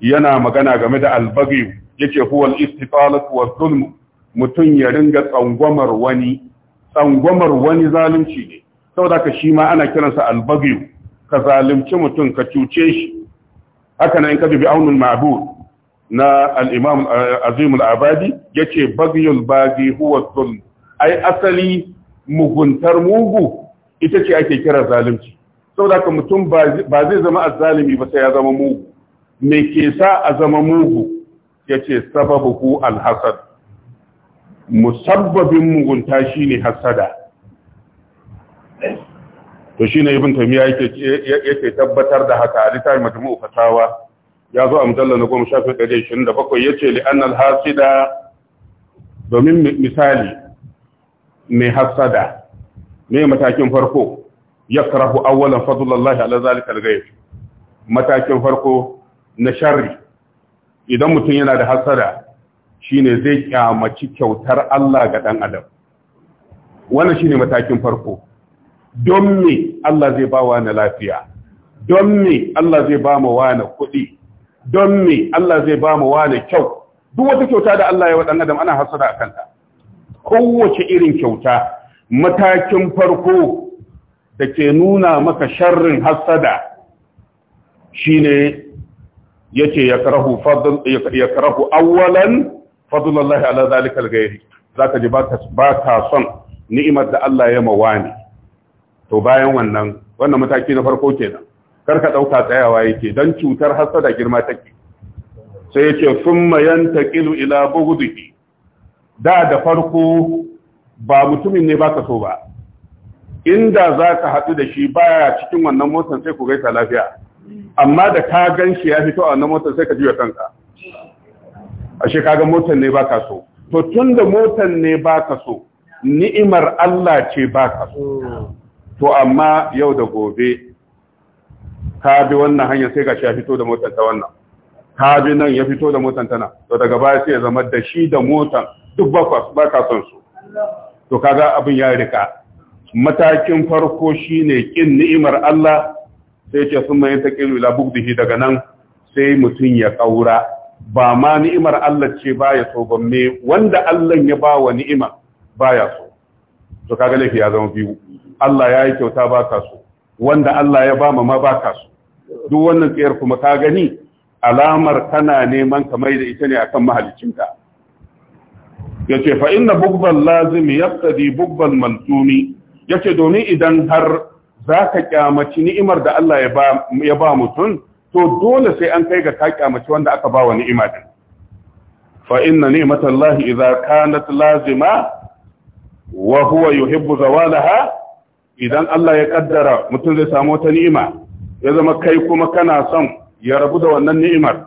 yana magana game da albagiyu yake huwal istitalatu wa zulm mutun ya ringa tsangwamar wani tsangwamar wani zalunci ne da ka shi ma ana kiransa albagiyu ka zalunci mutum ka cuce shi haka nan ka dubi aunul ma'bud na al eh, Azimul abadi yace baghiyul baghi huwa dhulm ai asali muguntar mugu ita ce ake kira zalunci da ka mutum ba zai zama azzalimi ba sai ya zama mugu me ke sa a zama mugu yace sababu al-hasad musabbabin mugunta shine hassada. to shine ne ibin taimiya yake tabbatar da haka a littafin majmu'u fatawa ya zo a mujallal na goma da bakwai. Ya ce annal hasida domin misali mai hasada me matakin farko ya yakrahu awwalan fadlullahi ala zalika alghayb matakin farko na shari, idan mutum yana da hasada ne zai kyamaci kyautar Allah ga ɗan adam wannan ne matakin farko don me Allah zai ba wa na lafiya don me Allah zai ba mu wani kuɗi don me Allah zai ba mu wani kyau duk wata kyauta da Allah ya waɗan adam ana hasada a kanta kowace irin kyauta matakin farko da ke nuna maka sharrin hasada shine yace ya fadl ya karahu awwalan fadlullahi ala zalika alghayri zaka ji ba ka son ni'imar da Allah ya mawani to bayan wannan wannan mataki na farko kenan kar ka dauka tsayawa yake dan cutar hasada girma take sai yace thumma yantaqilu ila bughdihi da da farko ba mutumin ne baka so ba inda zaka hadu da shi baya cikin wannan motar sai ku gaisa lafiya amma da ka ganshi ya fito a wannan motar sai ka jiya kanka ashe kaga motar ne baka so to tunda motar ne baka so ni'imar Allah ce baka so to amma yau da gobe ka bi wannan hanya sai ga shi ya fito da motar ta wannan ka bi nan ya fito da motar tana to daga baya sai ya zama da shi da motar duk ba ka son su to kaga abin ya rika matakin farko shine kin ni'imar Allah sai ce sun mai ta kin ila bugdihi daga nan sai mutun ya kaura ba ma ni'imar Allah ce baya so ba me wanda Allah ya ba wa ni'ima baya so to kaga laifi ya zama biyu Allah ya yi kyauta ba ka so wanda Allah ya ba ma ba ka so duk wannan tsayar kuma ka gani alamar kana neman ka mai da ita ne akan mahalicinka yace fa inna bugbal lazim yaqtadi bugbal Ya yace domin idan har zaka kyamaci ni'imar da Allah ya ba mutum to dole sai an kai ga ka kyamaci wanda aka ba wa ni'ima din fa inna ni'matallahi idza kanat lazima wa huwa yuhibbu zawalaha idan Allah ya kaddara mutum zai samu wata ni'ima ya zama kai kuma kana son ya rabu da wannan ni'imar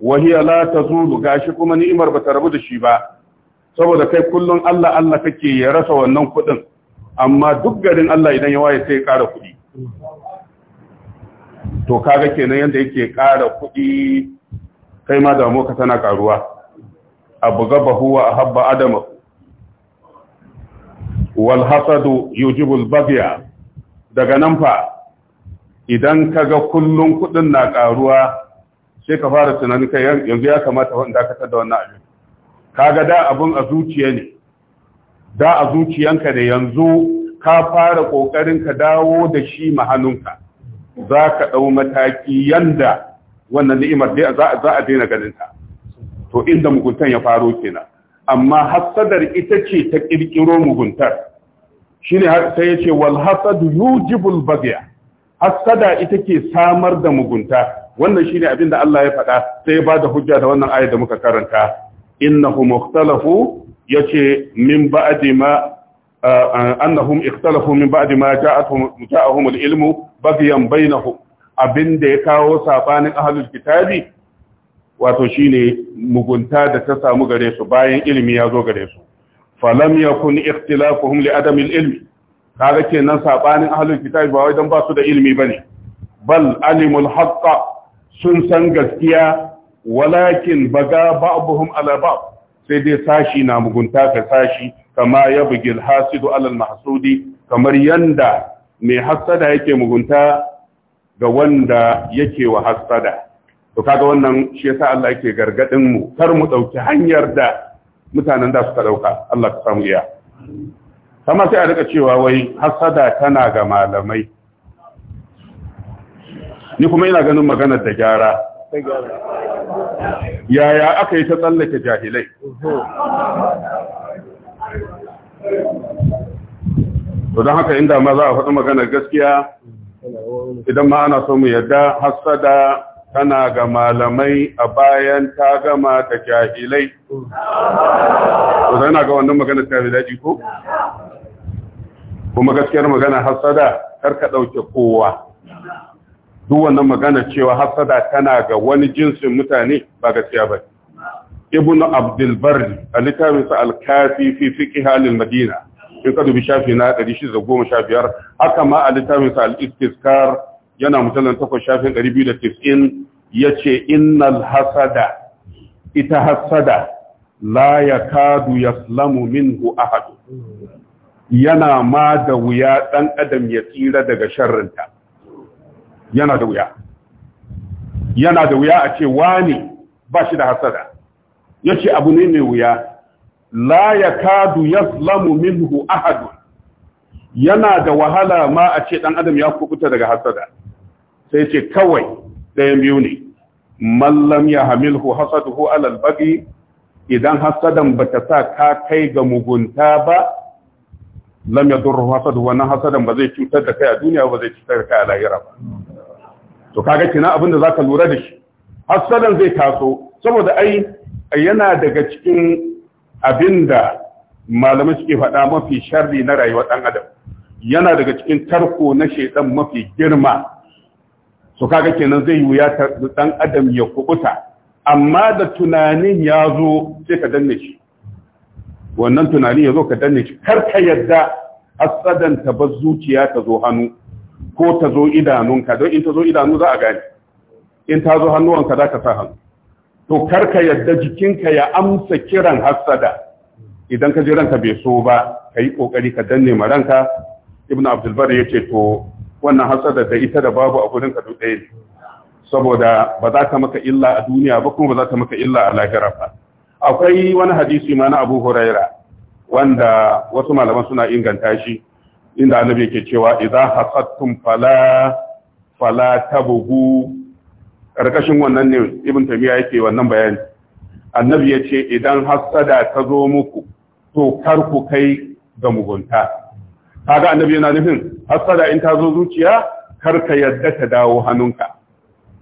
wahiya la tazulu gashi kuma ni'imar bata rabu da shi ba saboda kai kullun Allah Allah kake ya rasa wannan kudin amma duk garin Allah idan ya waye sai ya kara kudi to kaga kenan yanda yake kara kudi kai ma mu ka tana karuwa abu gaba huwa ahabba Adamu. wal hasadu yujibul daga nan fa idan kaga ga kullum kudin na karuwa sai ka fara tunanin kai yanzu ya kamata wanda ka tada wannan abin kaga da abun a zuciya ne da a zuciyanka da yanzu ka fara kokarin ka dawo da shi mahanunka za ka dau mataki yanda wannan ni'imar dai za a daina ganin ta to inda muguntan ya faro kenan amma hasadar ita ce ta ƙirƙiro muguntar shi ne sai ya ce wal yujibul bagya hasada ita ke samar da mugunta wannan shi ne abin da Allah ya faɗa sai ya ba da hujja da wannan ayat da muka karanta innahu ya ce min ba'di ma eh, annahum ikhtalafu min ba'di ma ja'atuhum ja'ahum ilmu baghyan bainahum abinda ya kawo sabanin ahlul kitabi wato shine mugunta da ta samu gare su bayan ilimi ya zo gare su falam yakun ikhtilafuhum li adam al-ilm kaga kenan sabanin ahlul kitab ba wai dan ba su da ilimi bane bal alimul haqqa sun san gaskiya walakin baga ba'dhum ala ba'd sai dai sashi na mugunta ka sashi kama ya bugil hasidu alal mahsudi kamar yanda mai hasada yake mugunta ga wanda yake wa hasada to kaga wannan shi yasa Allah yake gargadin mu kar mu dauki hanyar da mutanen da suka dauka Allah ka samu iya Kamar sai a rika cewa wai hasada tana ga malamai ni kuma ina ganin maganar da gyara yaya aka yi ta tsallake jahilai to don haka inda ma za a faɗi maganar gaskiya idan ma ana so mu yadda hasada tana ga malamai a bayan ta gama ta jahilai to tana ga wannan magana ta daji ko kuma gaskiyar magana hasada kar ka dauke kowa duk wannan magana cewa hasada tana ga wani jinsin mutane ba gaskiya ba ibnu abdul barri a littafin sa al fi fiqh halil madina in ka dubi shafi na 615 haka ma a littafin sa al-istizkar yana mutallan takwas shafin 290 ya ce innal hasada ita hasada la ya kadu yaslamu minhu ahadu yana ma da wuya ɗan adam ya tsira daga sharrinta yana da wuya yana da wuya a ce wani ba shi da hasada ya ce abu ne mai wuya la ya kadu yaslamu minhu ahadu yana da wahala ma a ce ɗan adam ya kubuta daga hasada sai ce kawai ɗaya biyu ne mallam ya hamilhu hasaduhu alal bagi idan hasadan bata sa ka kai ga mugunta ba lam yadurru hasaduhu wannan hasadan ba zai cutar da kai a duniya ba zai cutar da kai a lahira ba to kaga kina abinda zaka lura da shi hasadan zai taso saboda ai yana daga cikin abinda malamai suke faɗa mafi sharri na rayuwar ɗan adam yana daga cikin tarko na shaidan mafi girma to kaga kenan zai wuya dan adam ya kubuta amma da tunanin ya zo sai ka danne shi wannan tunanin ya zo ka danne shi kar ka yadda hasadan ta bar zuciya ta zo hannu ko ta zo idanunka don in ta zo idanu za a gane in ta zo hannuwanka za ka sa hannu to kar ka yadda jikinka ya amsa kiran hasada idan ka ji ranka bai so ba ka yi kokari ka danne ma ranka ibnu abdul bar yace to wannan hasada da ita da babu a gudun ka ɗaya ne saboda ba za ta maka illa a duniya ba kuma ba za ta maka illa a lahira ba akwai wani hadisi ma na Abu Huraira wanda wasu malaman suna inganta shi inda annabi yake cewa idan hasadtum fala fala tabugu karkashin wannan ne ibn tamiya yake wannan bayani annabi yace idan hasada ta zo muku to kar ku kai ga mugunta kaga annabi yana nufin hasada in ta zo zuciya kar ka yadda ta dawo hannunka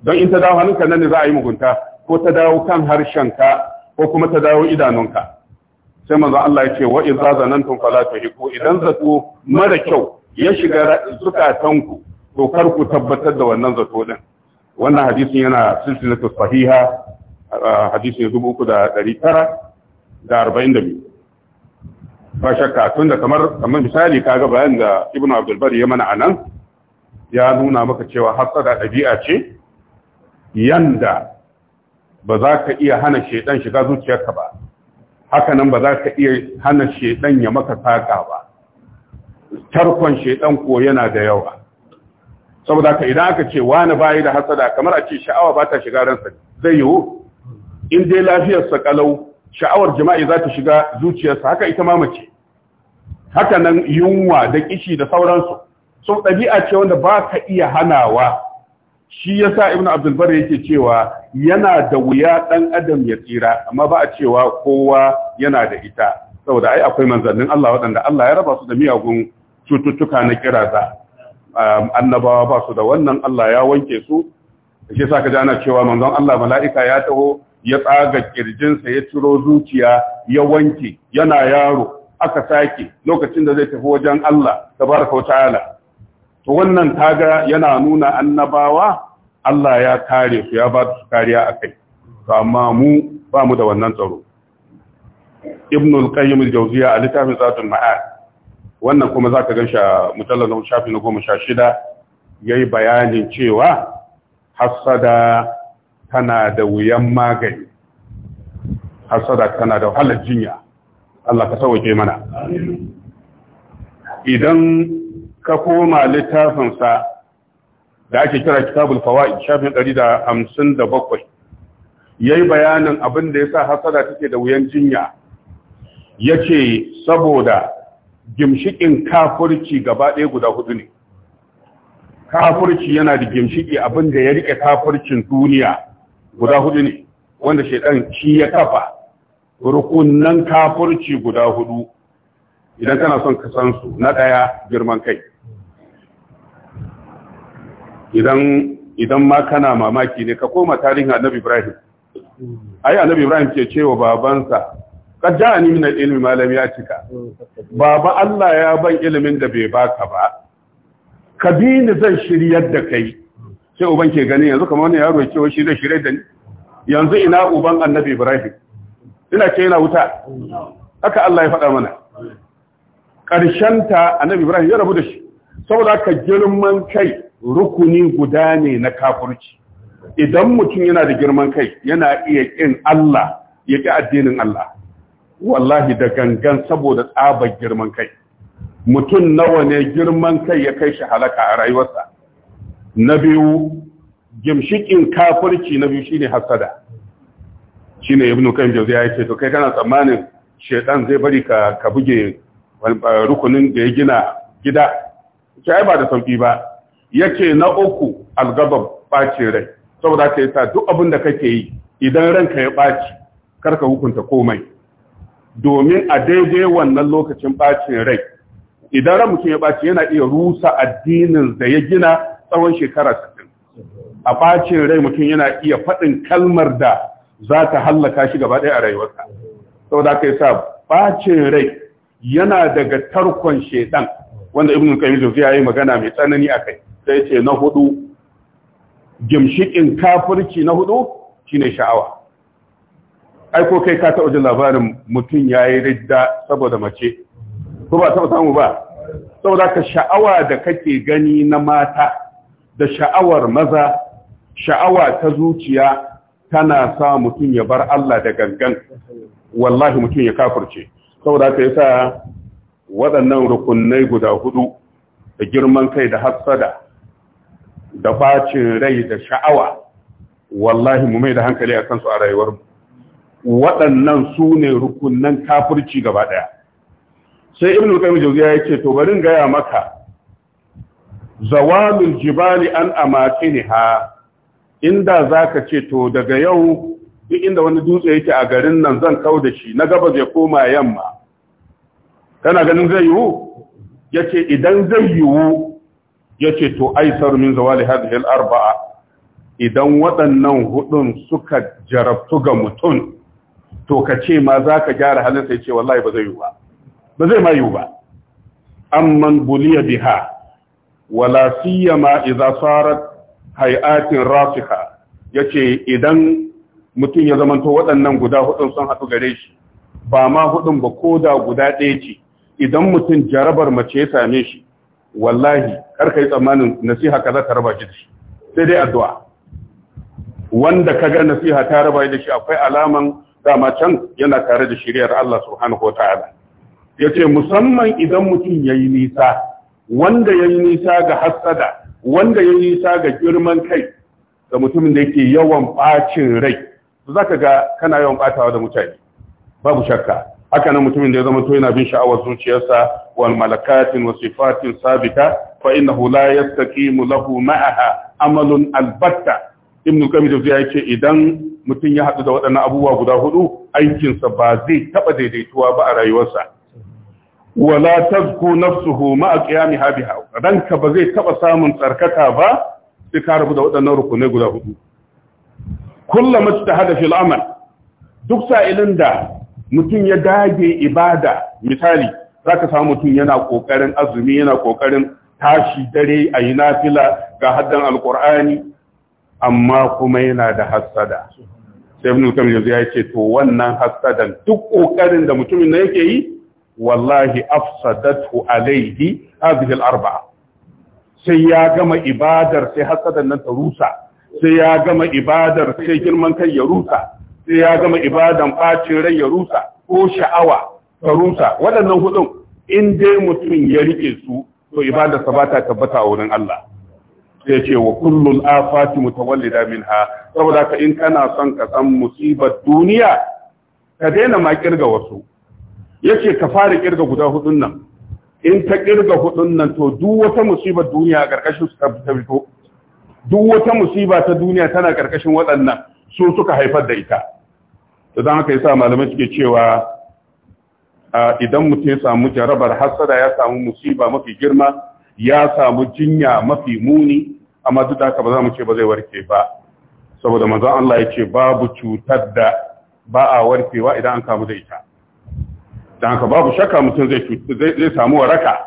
don in ta dawo hannunka nan ne za a yi mugunta ko ta dawo kan harshenka ko kuma ta dawo idanunka sai manzo Allah ya ce wa idza zanantum fala tuhiqu idan zato mara kyau ya shiga zukatanku to kar ku tabbatar da wannan zato din wannan hadisin yana silsilatu sahiha hadisin 3942 ba shakka da kamar kamar misali kaga bayan da Ibn Abdul ya mana anan ya nuna maka cewa hassada dabi'a ce yanda ba za ka iya hana shedan shiga zuciyarka ba haka nan ba za ka iya hana shedan ya maka saka ba tarkon shaiɗan ko yana da yawa saboda ka idan aka ce wani bayi da hasada kamar a ce sha'awa ba ta shiga ransa zai yiwu in dai sa kalau sha'awar jima'i za ta shiga zuciyarsa haka ita ma mace haka nan yunwa da kishi da sauransu so ɗabi'a ce wanda ba ka iya hanawa shi yasa ibnu abdul bar yake cewa yana da wuya dan adam ya tsira amma ba a cewa kowa yana da ita saboda ai akwai manzannin Allah waɗanda Allah ya raba su da miyagun cututtuka na kiraza annabawa ba su da wannan Allah ya wanke su shi yasa ka ji ana cewa manzon Allah mala'ika ya taho ya tsaga kirjinsa ya ciro zuciya ya wanke yana yaro aka sake lokacin da zai tafi wajen Allah tabaraka wa ta'ala to wannan kaga yana nuna annabawa Allah ya kare su ya ba su kariya akai to amma mu ba mu da wannan tsaro ibn al-qayyim al-jawziya a littafin zatul ma'ad wannan kuma zaka gan shi mujallal shafi na 16 yayi bayanin cewa hasada tana da wuyan magani hasada tana da wahalar jinya Allah ka sauke mana idan ka koma littafinsa da ake kira kitabul fawaid shafin 157 yayi bayanin abin da yasa hasada take da wuyan jinya yace saboda gimshikin kafurci gaba ɗaya guda hudu ne kafirci yana da gimshiki abin da ya rike kafircin duniya guda hudu ne wanda shaidan shi ya kafa rukunan kafurci guda hudu idan kana son ka san su na daya girman kai idan ma kana mamaki ne ka koma tarihin annabi ibrahim ai annabi ibrahim ke cewa babansa ja ja'ani min ilimin ilmi ya cika baba Allah ya ban ilimin da bai baka ba ka bi ni zan shiryar da kai sai uban ke gani yanzu kamar wani yaro ya ce shi zai shirye da ni yanzu ina uban annabi ibrahim ina ce yana wuta haka Allah ya faɗa mana ta annabi ibrahim ya rabu da shi saboda ka girman kai rukuni guda ne na kafurci. idan mutum yana da girman kai yana iya ƙin Allah ya ƙi addinin Allah wallahi da gangan saboda tsabar girman kai mutum nawa ne girman kai ya kai shi halaka a rayuwarsa na biyu gimshikin kafirci na biyu shine hasada shine ibnu ya yi ce to kai kana tsammanin shedan zai bari ka ka buge rukunin da ya gina gida ai ba da sauki ba yake na uku algabab bace rai saboda ka yi sa duk abin da kake yi idan ranka ya baci karka hukunta komai domin a daidai wannan lokacin bacin rai idan ran mutum ya baci yana iya rusa addinin da ya gina tsawon shekara 60 a bacin rai mutum yana iya faɗin kalmar da za ta hallaka shi gaba ɗaya a rayuwarsa saboda kai sa bacin rai yana daga tarkon shedan wanda ibn qayyim ya yi magana mai tsanani a kai. sai ce na hudu gimshikin kafirci na hudu shine sha'awa ai ko kai ka taɓa jin labarin mutum ya yi ridda saboda mace ko ba taɓa samu ba saboda ka sha'awa da kake gani na mata da sha'awar maza sha'awa ta zuciya tana sa mutum ya bar Allah da gangan wallahi mutum ya kafurce. saboda ta yasa waɗannan rukunai guda hudu da girman kai da hassada da bacin rai da sha'awa wallahi mu mai da hankali a kansu a rayuwarmu waɗannan su ne rukunan kafurci gaba ɗaya sai ibn qayyim jawziya yake to barin in gaya maka zawalul jibali an amakiniha inda zaka ce to daga yau duk inda wani dutse yake a garin nan zan kau da shi na gaba zai koma yamma kana ganin zai yiwu yace idan zai yiwu yace to aisar min zawali hadhihi al-arba'a idan waɗannan hudun suka jarabtu ga mutum to ka ce ma zaka gyara halin sai ce wallahi ba zai yiwu ba ba zai ma yiwu ba amman buliya biha ولا سيما idza صارت هيئات rasikha yace idan mutum ya zamanto waɗannan guda hudun sun haɗu gare shi ba ma hudun ba ko da guda ɗaya ce idan mutum jarabar mace ya same shi wallahi kar kai tsammanin nasiha kaza ta raba shi sai dai addu'a wanda ka ga nasiha ta raba da shi akwai alaman dama can yana tare da shiriyar Allah subhanahu wataala yace musamman idan mutum yayi nisa wanda ya yi nisa ga hassada wanda ya yi nisa ga girman kai da mutumin da yake yawan bacin rai za ka ga kana yawan batawa da mutane babu shakka haka nan mutumin da ya zama to yana bin sha'awar zuciyarsa wal malakatin wa sifatin sabita fa innahu la yastaqimu lahu ma'aha amalun albatta ibn qayyim da ya ce idan mutum ya hadu da waɗannan abubuwa guda hudu aikinsa ba zai taba daidaituwa ba a rayuwarsa wala tazku nafsuhu ma qiyamiha biha ranka ba zai taba samun tsarkaka ba sai ka rubuta waɗannan rukunai guda hudu kullama istahada fil amal duk sa'ilin da mutum ya dage ibada misali zaka samu mutum yana kokarin azumi yana kokarin tashi dare ayi nafila ga haddan alqur'ani amma kuma yana da hasada sai ibn kamil ya ce to wannan hasadan duk kokarin da mutumin ne yake yi wallahi afsadathu alaihi hadhihi al-arba'a sai ya gama ibadar sai hasadan nan ta rusa sai ya gama ibadar sai girman kai ya rusa sai ya gama ibadan bacin rai ya rusa ko sha'awa ta rusa waɗannan hudun in dai mutum ya rike su to ibadar sa ba ta tabbata a wurin Allah sai ce wa kullul afati mutawallida minha saboda ka in kana son ka san musibar duniya ka daina ma wasu yace ka fara kirga guda hudun nan in ta kirga hudun nan to duk wata musiba duniya karkashin su ta fito duk wata musiba ta duniya tana karkashin waɗannan su suka haifar da ita to dan haka yasa malamai suke cewa idan mutum ya samu jarabar hasada ya samu musiba mafi girma ya samu jinya mafi muni amma duk da haka ba za mu ce ba zai warke ba saboda manzon Allah ya ce babu cutar da ba a warkewa idan an kamu da ita don haka babu shakka mutum zai samu waraka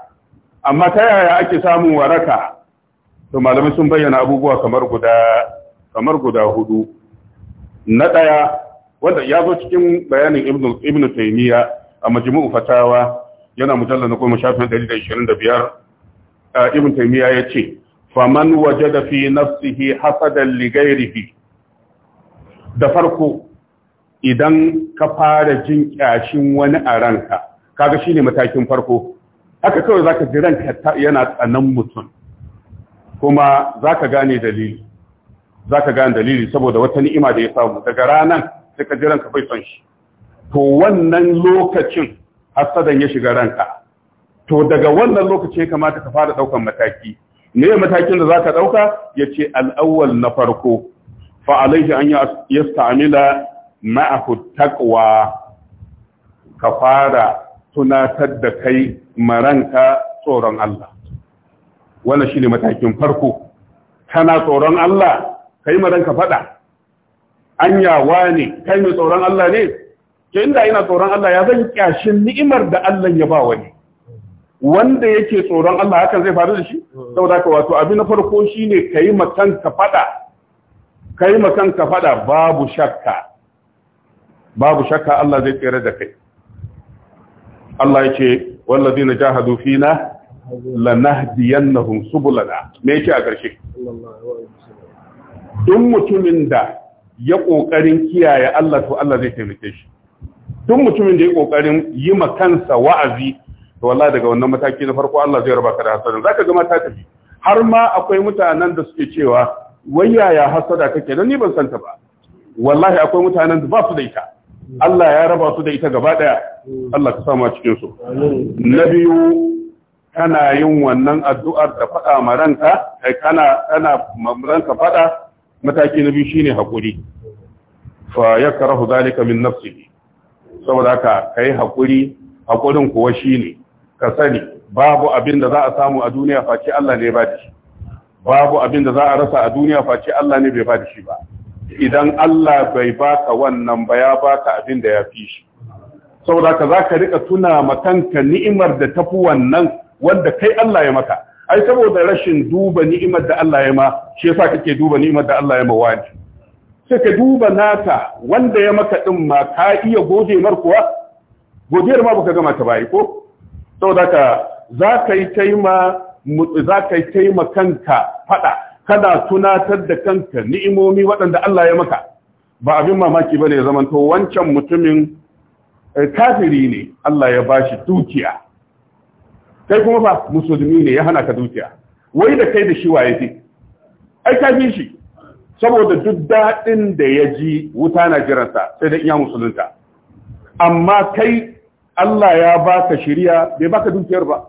amma ta yaya ake samun waraka to malamai sun bayyana abubuwa kamar guda kamar guda hudu na ɗaya wanda ya zo cikin bayanin ibn taymiya a majmu'u fatawa yana mujalla na goma shafin 125 ibn taymiya ya ce faman wajada fi nafsihi hasadan li ghairihi da farko idan ka fara jin kyashin wani a ranka kaga shine matakin farko haka kawai zaka ji ranka yana tsanan mutum kuma zaka gane dalili zaka gane dalili saboda wata ni'ima da ya samu daga ranan sai ka ji ranka bai son shi to wannan lokacin hasadan ya shiga ranka to daga wannan lokacin ya kamata ka fara daukan mataki me matakin da zaka dauka yace al-awwal na farko fa alaihi an yasta'mila ma'ahu taqwa ka fara tunatar da kai maranka tsoron Allah wannan shine matakin farko kana tsoron Allah kai maranka fada anya wani kai mai tsoron Allah ne ke inda ina tsoron Allah ya zan kyashin ni'imar da Allah ya ba wani wanda yake tsoron Allah hakan zai faru da shi saboda ka wato abin na farko shine kai makan ka fada kai makan ka fada babu shakka babu shakka Allah zai tsere da kai Allah yake na jahadu fina lanahdiyannahum subulana me yake a ƙarshe duk mutumin da ya ƙoƙarin kiyaye Allah to Allah zai taimake shi duk mutumin da ya kokarin yi ma kansa wa'azi to wallahi daga wannan mataki na farko Allah zai raba ka da hasara. zaka ga mata tafi har ma akwai mutanen da suke cewa wai yaya hasada kake dan ni ban santa ba wallahi akwai mutanen da ba su da ita Allah ya raba su da ita gaba daya Allah ka samu cikin su na biyu kana yin wannan addu'ar da faɗa ma kai kana kana ranka faɗa mataki na biyu shine hakuri fa yakrahu zalika min nafsihi saboda ka kai hakuri hakurin kuwa shine ka sani babu abin da za a samu a duniya face Allah ne ba shi babu abin da za a rasa a duniya face Allah ne bai ba da shi ba idan Allah bai baka wannan ba ya baka abin da ya fi shi saboda ka zaka rika tuna makanka ni'imar da tafi wannan wanda kai Allah ya maka ai saboda rashin duba ni'imar da Allah ya ma shi yasa kake duba ni'imar da Allah ya ma wani sai ka duba nata wanda ya maka din ma ka iya gode mar kuwa godiyar ma baka gama ta bai ko saboda ka zaka yi taima zaka yi taima kanka fada kada tunatar da kanka ni'imomi waɗanda Allah ya maka ba abin mamaki ne ya zamanto wancan mutumin eh, kafiri ne Allah ya bashi dukiya kai kuma ba musulmi ne ya hana ka dukiya wai da kai da shi waye ce? ai ka fi shi saboda duk daɗin da ya ji wuta na jiransa sai da iya musulunta amma kai Allah ya baka shiriya bai baka dukiyar ba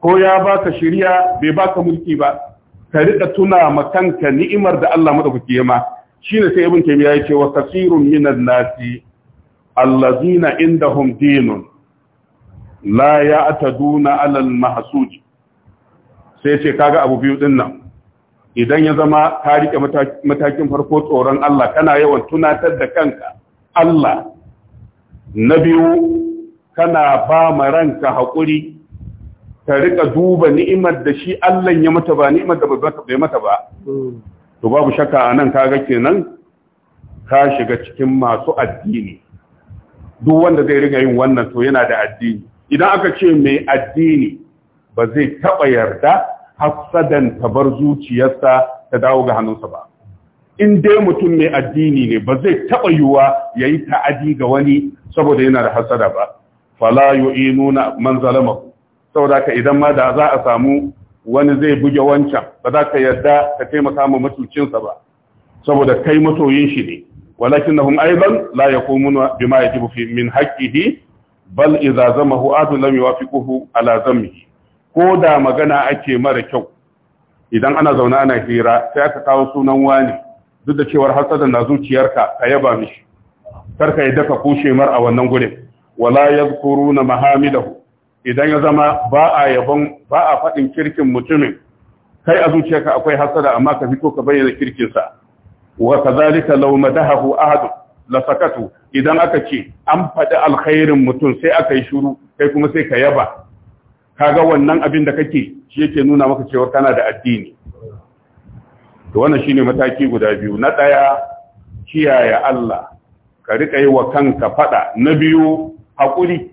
ko ya baka shiriya bai baka mulki ba ka rika tuna ma kanka ni'imar da Allah madaukaki ya ma shine sai ibn taymiya yace wa kasirun minan nasi allazina indahum dinun la ya'taduna 'ala al-mahsuj sai ce kaga abu biyu din nan idan ya zama ka rike matakin farko tsoron Allah kana yawan tunatar da kanka Allah na biyu kana ba ma ranka haƙuri Ka rika duba ni'imar da shi Allah ya mata ba ni'imar da bai mata ba hmm. to babu shakka anan kaga kenan ka shiga cikin masu addini duk wanda zai riga yin wannan to yana da addini idan aka ce mai addini ba zai taɓa yarda hafsadan tabar zuciyarsa ta dawo ga hannunsa ba in dai mutum mai addini ne ba zai taɓa yiwuwa yayi ta'adi ga wani saboda yana da hasada ba fala yu'inuna man zalamahu saboda ka idan ma da za a samu wani zai buge wancan ba za ka yarda ka taimaka ma matucinsa ba saboda kai masoyin shi ne walakinnahum aidan la yaqumuna bima yajibu fi min haqqihi bal idza zamahu adu lam yuwafiquhu ala zammihi ko da magana ake mara kyau idan ana zaune ana hira sai aka kawo sunan wani duk da cewar hasada na zuciyarka ka yaba mishi karka yadda ka kushe mar a wannan gurin wala yadhkuruna mahamidahu idan ya zama ba a yabon ba a faɗin kirkin mutumin kai a zuciyarka akwai hasada amma ka fito ka bayyana kirkinsa wa kazalika law madahahu ahad la sakatu idan aka ce an faɗi alkhairin mutum sai aka yi shuru kai kuma sai ka yaba kaga wannan abin da kake shi yake nuna maka cewa kana da addini to wannan shine mataki guda biyu na daya kiyaye Allah ka rika yi wa kanka fada na biyu hakuri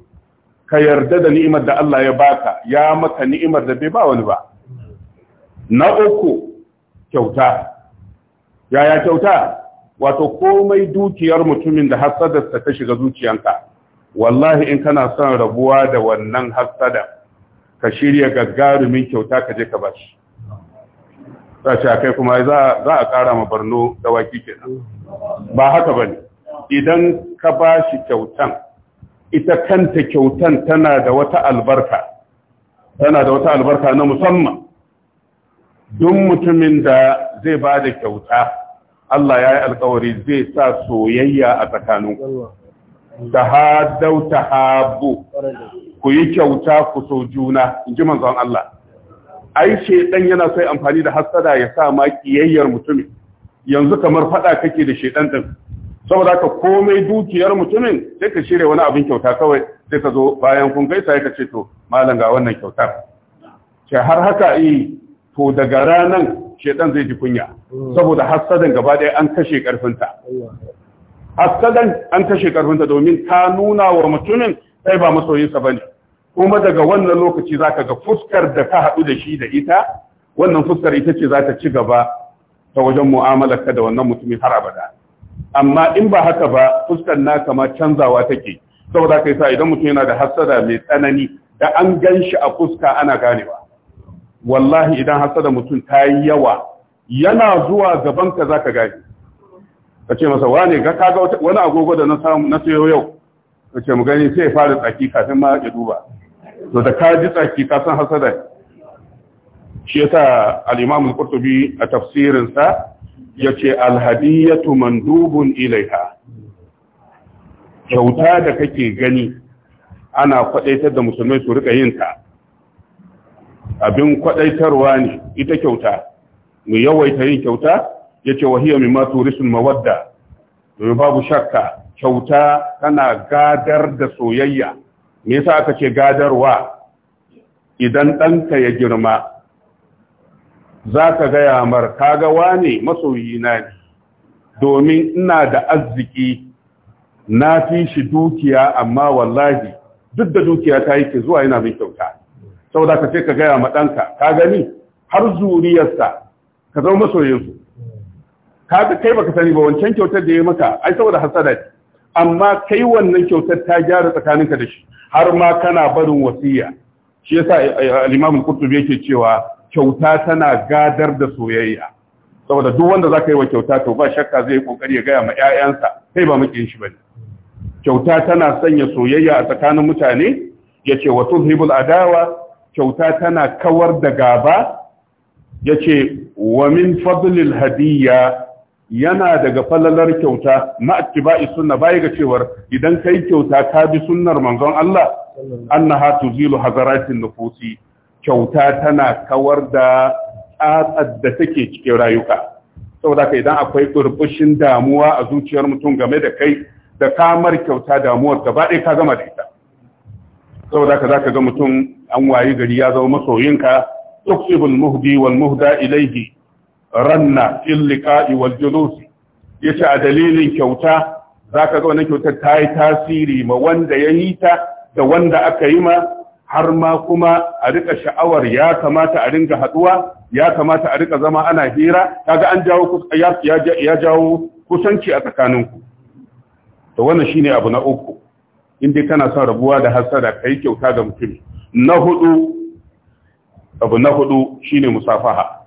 ka yarda da ni'imar da Allah ya baka ya maka ni'imar da bai ba wani ba na uku kyauta yaya kyauta wato komai dukiyar mutumin da hasadarsa ta shiga zuciyanka wallahi in kana son rabuwa da wannan hasada ka shirya gaggarumin kyauta ka je ka bashi sace kai kuma za a kara ma barno dawaki kenan ba haka bane idan ka bashi kyautan ita kanta kyautan tana da wata albarka tana da wata albarka na musamman don mutumin da zai ba da kyauta Allah ya yi alkawari zai sa soyayya a tsakaninku ha hadau ta habu ku yi kyauta ku so juna in ji manzon Allah ai dan yana sai amfani da hasada ya sa ma kiyayyar mutumin yanzu kamar fada kake da shedan din saboda ka komai dukiyar mutumin sai ka shirya wani abin kyauta kawai sai ka zo bayan kun gaisa ya ka ce to malam ga wannan kyautar ce har haka yi to daga ranan shedan zai ji kunya saboda hasadan gaba ɗaya an kashe ƙarfinta. hasadan an kashe karfinta domin ta nuna wa mutumin sai ba masoyinsa ne. kuma daga wannan lokaci zaka ga fuskar da ka haɗu da shi da ita wannan fuskar ita ce za ta ci gaba ta wajen mu'amalar ka da wannan mutumin har abada amma in ba haka ba fuskar na kama canzawa take saboda kai sa idan mutum yana da hasada mai tsanani da an gan shi a fuska ana ganewa wallahi idan hasada mutum ta yi yawa yana zuwa gaban ka zaka gane ka ce masa wane ga kaga wani agogo da na samu na sayo yau ka mu gani sai ya fara tsaki kafin ma ya duba to da ka ji tsaki ka san hasada shi yasa al-Imam al-Qurtubi a tafsirinsa. yace alhadiyatu mandubun ilaiha kyauta da kake gani ana kwadaitar da musulmai su rika yin ta abin kwadaitarwa ne ita kyauta mu yawaita yin kyauta yace wahiya mimma turisul mawadda to babu shakka kyauta tana gadar da soyayya me yasa aka ce gadarwa idan ɗanka ya girma za ka gaya ka kaga wane masoyina ne domin ina da arziki na fi shi dukiya amma wallahi duk da dukiya ta yi ke zuwa yana mai kyauta da ka ce ka gaya ma danka ka gani har zuriyarsa ka zama masoyinsu ka ga kai baka sani ba wancan kyautar da ya maka ai saboda hasada ne amma kai wannan kyautar ta gyara tsakaninka da shi har ma kana barin wasiya shi yasa eh, eh, al-Imam Qurtubi yake cewa kyauta tana gadar da soyayya saboda duk wanda zaka yi wa kyauta to ba shakka zai kokari ya gaya ma ƴaƴansa kai ba mukin shi bane kyauta tana sanya soyayya a tsakanin mutane yace wa tuzhibul adawa kyauta tana kawar da gaba yace wa min fadlil hadiyya yana daga falalar kyauta ma'attiba'i sunna bai ga cewar idan kai kyauta ka bi sunnar manzon Allah annaha tuzilu hazaratin nufusi kyauta tana kawar da tsatsar da take cikin rayuka saboda ka idan akwai burbushin damuwa a zuciyar mutum game da kai da kamar kyauta damuwar gaba ɗaya ka gama da ita saboda ka zaka ga mutum an wayi gari ya zama masoyinka tuksibul muhdi wal muhda ilaihi ranna fil liqa'i wal julus yace a dalilin kyauta za ka ga wannan kyautar ta yi tasiri ma wanda ya yi ta da wanda aka yi ma har ma kuma a rika sha'awar ya kamata a ringa haduwa ya kamata a rika zama ana hira kaga an jawo ya jawo kusanci a tsakaninku to wannan shine abu na uku in kana son rabuwa da hasada kai kyauta ga mutum na hudu abu na hudu shine musafaha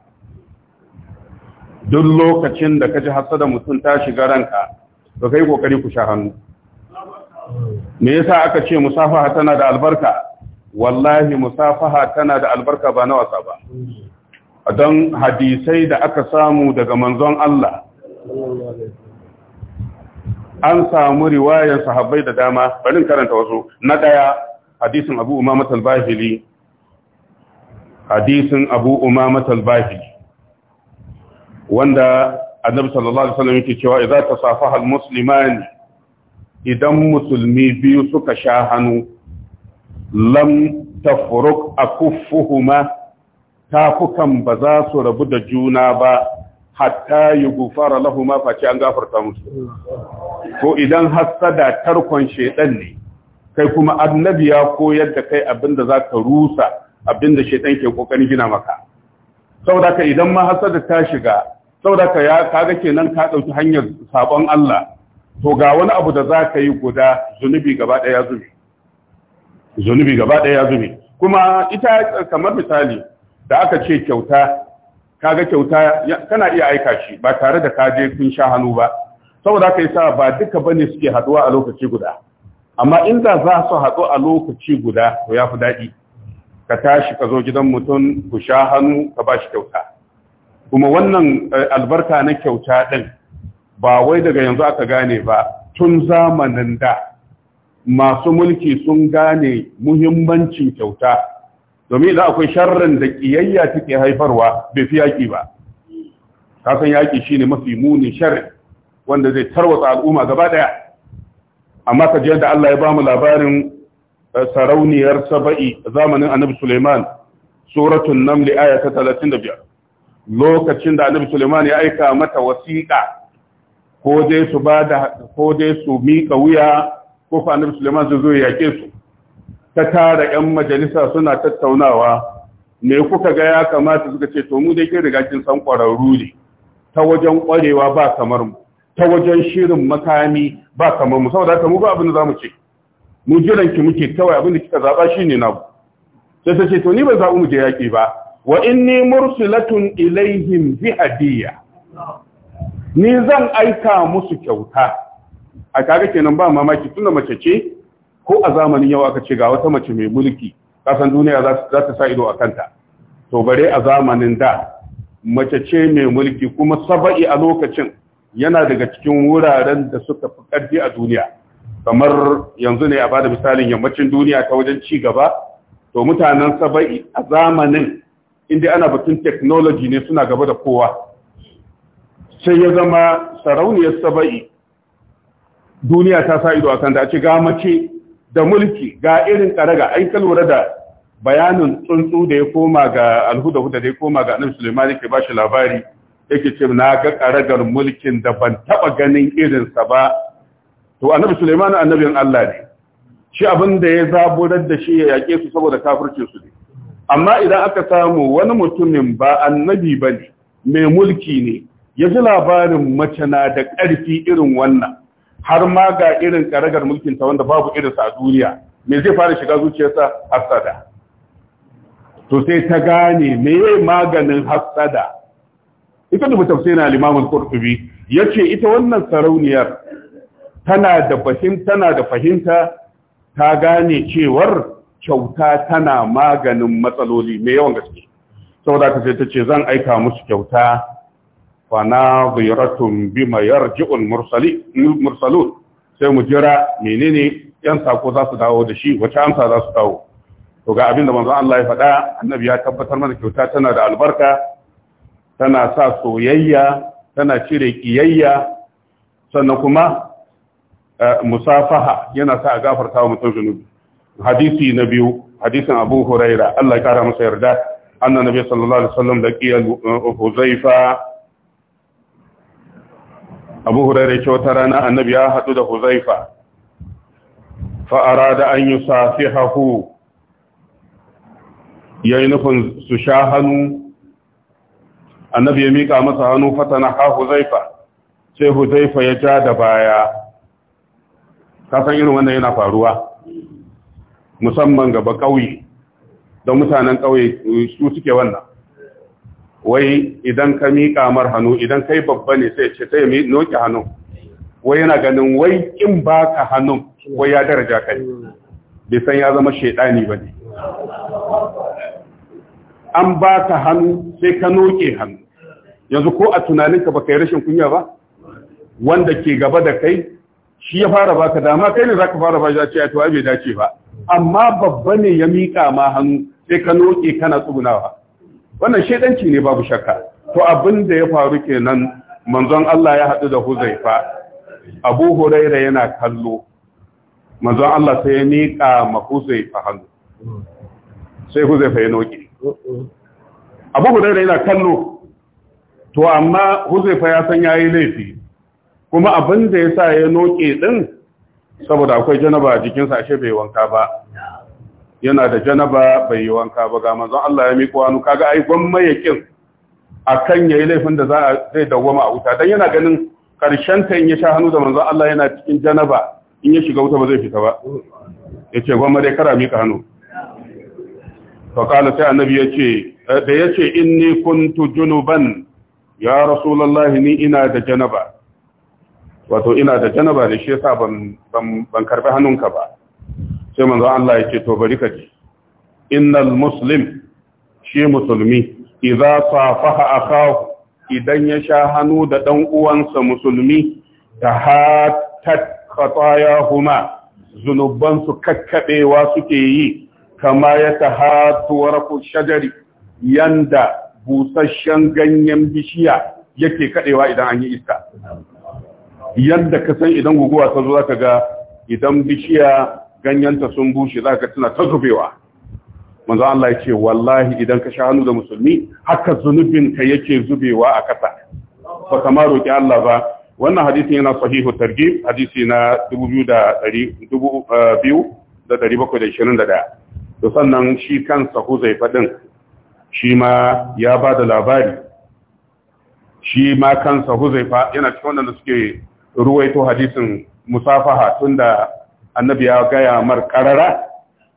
duk lokacin da kaji hasada mutum ta shiga ranka to kai kokari ku sha hannu me yasa aka ce musafaha tana da albarka wallahi musafaha tana da albarka ba na wasa ba don hadisai da aka samu daga manzon Allah an samu riwayar sahabbai da dama barin karanta wasu na daya hadisin abu umamat al-bahili hadisin abu umamat al-bahili wanda annabi sallallahu alaihi wasallam yake cewa idza tasafaha al-musliman idan musulmi biyu suka sha hannu lam tafruk akuffuhuma tafukan ba za su rabu da juna ba hatta yughfara lahuma fa an gafarta musu ko idan hassada tarkon shedan ne kai kuma annabi ya koyar da kai abinda zaka rusa abinda shedan ke kokarin gina maka saboda ka idan ma hasada ta shiga saboda ka ya kaga kenan ka dauki hanyar sabon Allah to ga wani abu da zaka yi guda zunubi gaba daya zubi zunubi gaba ɗaya ya zube kuma ita kamar misali da aka ce kyauta kaga kyauta kana iya aika shi ba tare da kaje kun sha hannu ba saboda haka yasa ba duka bane suke haduwa a lokaci guda amma inda za su haɗu a lokaci guda to yafi fi daɗi ka tashi ka zo gidan mutum ku sha hannu ka ba shi kyauta kuma wannan eh, albarka na kyauta ɗin ba wai daga yanzu aka gane ba tun zamanin da masu mulki sun gane muhimmancin kyauta domin idan akwai sharrin da kiyayya take haifarwa bai fi yaƙi ba kasan yaƙi shine mafi muni sharri wanda zai tarwatsa al'umma gaba ɗaya amma ka ji yadda Allah ya ba mu labarin eh, sarauniyar saba'i zamanin annabi Suleiman suratul naml aya ta biyar. lokacin da annabi Suleiman ya aika mata wasiƙa ko dai su bada ko dai su mika wuya ko fa annabi Sulaiman zai zo ya yake su ta tara yan majalisa suna tattaunawa me kuka ga ya kamata suka ce to mu dai kin riga kin san kwararru ne ta wajen kwarewa ba kamar mu ta wajen shirin makami ba kamar mu saboda haka mu ba abin da zamu ce mu jiran ki muke kawai abin da kika zaba shine ku sai ta ce to ni ban zabu mu je yaki ba wa inni mursilatun ilaihim bi hadiya ni zan aika musu kyauta a kaga kenan ba mamaki tunda mace ce ko a zamanin yau aka ce ga wata mace mai mulki kasan duniya za ta sa ido a kanta to bare a zamanin da mace ce mai mulki kuma saba'i a lokacin yana daga cikin wuraren da suka fi ƙarfi a duniya kamar yanzu ne a bada misalin yammacin duniya ta wajen ci gaba to mutanen saba'i a zamanin inda ana batun technology ne suna gaba da kowa sai ya zama sarauniyar saba'i duniya ta sa ido a kanta a ce ga mace da mulki ga irin karaga ai ka da bayanin tsuntsu da ya koma ga alhuda-huda da ya koma ga annabi Sulaiman yake ba shi labari yake ce na ga karagar mulkin da ban taba ganin irinsa ba to annabi Sulaiman annabin Allah ne shi abin da ya zaburar da shi ya yake su saboda kafirce su ne amma idan aka samu wani mutumin ba annabi bane mai mulki ne ya ji labarin mace na da ƙarfi irin wannan har ma ga irin karagar ta wanda babu irinsa a duniya me zai fara shiga zuciyarsa hasada to sai ta gane meye maganin hasada ita da tafsirin al-Imam al-Qurtubi yace ita wannan sarauniyar tana da tana da fahimta ta gane cewar kyauta tana maganin matsaloli me yawan gaske saboda ka sai ta ce zan aika musu kyauta bi bima yarji'ul mursalun sai mu jira menene yan sako za su dawo da shi wace amsa za su dawo to ga abin da manzo Allah ya faɗa annabi ya tabbatar mana kyauta tana da albarka tana sa soyayya tana cire kiyayya sannan kuma musafaha yana sa a gafarta wa mutum zunubi hadisi na biyu hadisin Abu Huraira Allah ya kara masa yarda annabi sallallahu alaihi wasallam da qiyal Huzaifa abu hurairu ce wata rana annabi ya haɗu da huzaifa fa'ara da an yi safi haku ya yi nufin su sha hannu annabi ya miƙa masa hannu fatana ha huzaifa sai huzaifa ya ja da baya kasan irin wannan yana faruwa musamman gaba ƙauye don mutanen ƙauye su suke wannan wai idan ka miƙa mar hannu idan kai babba ne sai ce sai mi noki hannu wai yana ganin wai in baka hannu wai ya daraja kai bai san ya zama shedani ne. an baka hannu sai ka noke hannu yanzu ko a tunaninka baka yi rashin kunya ba wanda ke gaba da kai shi ya fara baka dama kai ne zaka fara ba ya ce bai dace ba amma babba ne ya miƙa ma hannu sai ka noke kana tsugunawa wannan shaidanci ne babu shakka to abin da ya faru kenan manzon Allah ya haɗu da Huzaifa Abu Huraira yana kallo manzon Allah sai ya miƙa ma Huzaifa hannu sai Huzaifa ya noke Abu Huraira yana kallo to amma Huzaifa ya san yayi laifi kuma abin da yasa ya noke din saboda akwai janaba jikinsa ashe bai wanka ba yana da janaba bai yi wanka ba ga manzon Allah ya miƙo hannu kaga ai gwamma yakin akan yayi laifin da za a zai dawwama a wuta dan yana ganin karshen ta in ya sha hannu da manzon Allah yana cikin janaba in ya shiga wuta ba zai fita ba yace gwamma dai kara miƙa hannu to kana sai annabi yace da yace inni kuntu junuban ya rasulullah ni ina da janaba wato ina da janaba ne shi yasa ban ban karbi hannunka ba sai manzo Allah ya ce to bari ka ji innal muslim shi musulmi idza safaha akahu idan ya sha hannu da dan uwansa musulmi tahattat khatayahuma zunuban su kakkabewa suke yi kama ya tahatu warqu shajari yanda busasshen ganyen bishiya yake kadewa idan an yi iska yadda ka san idan guguwa ta zo zaka ga idan bishiya ganyanta sun bushe za ka tana ta zubewa manzo Allah ya ce wallahi idan ka sha hannu da musulmi haka zunubinka yake zubewa a kasa ba kama roƙi Allah ba wannan hadisin yana sahihu targhib hadisi na 2721 eh, to sannan shi kansa Huzai fadin shi ma ya ba da labari shi ma kansa Huzaifa yana cikin wanda suke ruwaito hadisin musafaha tunda annabi ya gaya mar karara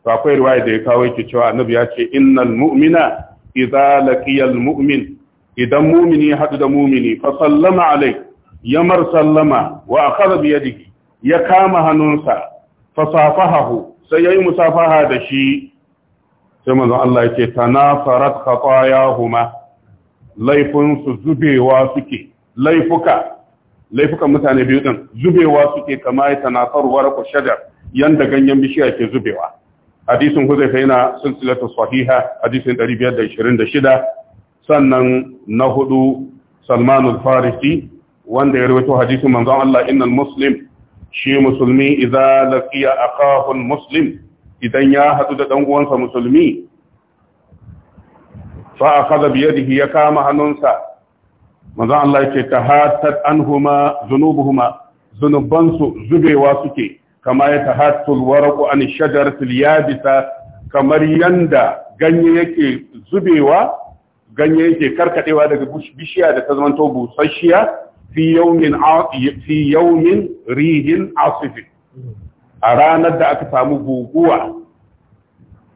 to akwai riwaya da ya kawo yake cewa annabi ya ce innal mu'mina idza laqiyal mu'min idan mu'mini hadu da mu'mini fa sallama alai yamar sallama wa akhadha bi yadihi ya kama hannunsa fa safahahu sai yayi musafaha da shi sai manzon Allah yake tanafarat khatayahuma laifin su zubewa suke laifuka laifukan mutane biyu din zubewa suke kama ya tanafaru warqu yanda ganyen bishiya ke zubewa hadisin ta yana silsilatu sahiha hadisin 526 sannan na hudu salman al-farisi wanda ya rawaito hadisin manzon Allah innal muslim shi musulmi idza laqiya aqahu muslim idan ya hadu da dan uwansa musulmi fa akhadha bi yadihi ya kama hannunsa manzon Allah yake tahatat anhuma zunubuhuma zunubansu zubewa suke kama ya tahattul waraqu an shajaratil yabisa kamar yanda ganye yake zubewa ganye yake karkadewa daga bishiya da ta zamanto busasshiya fi fi rihin asifi a ranar da aka samu guguwa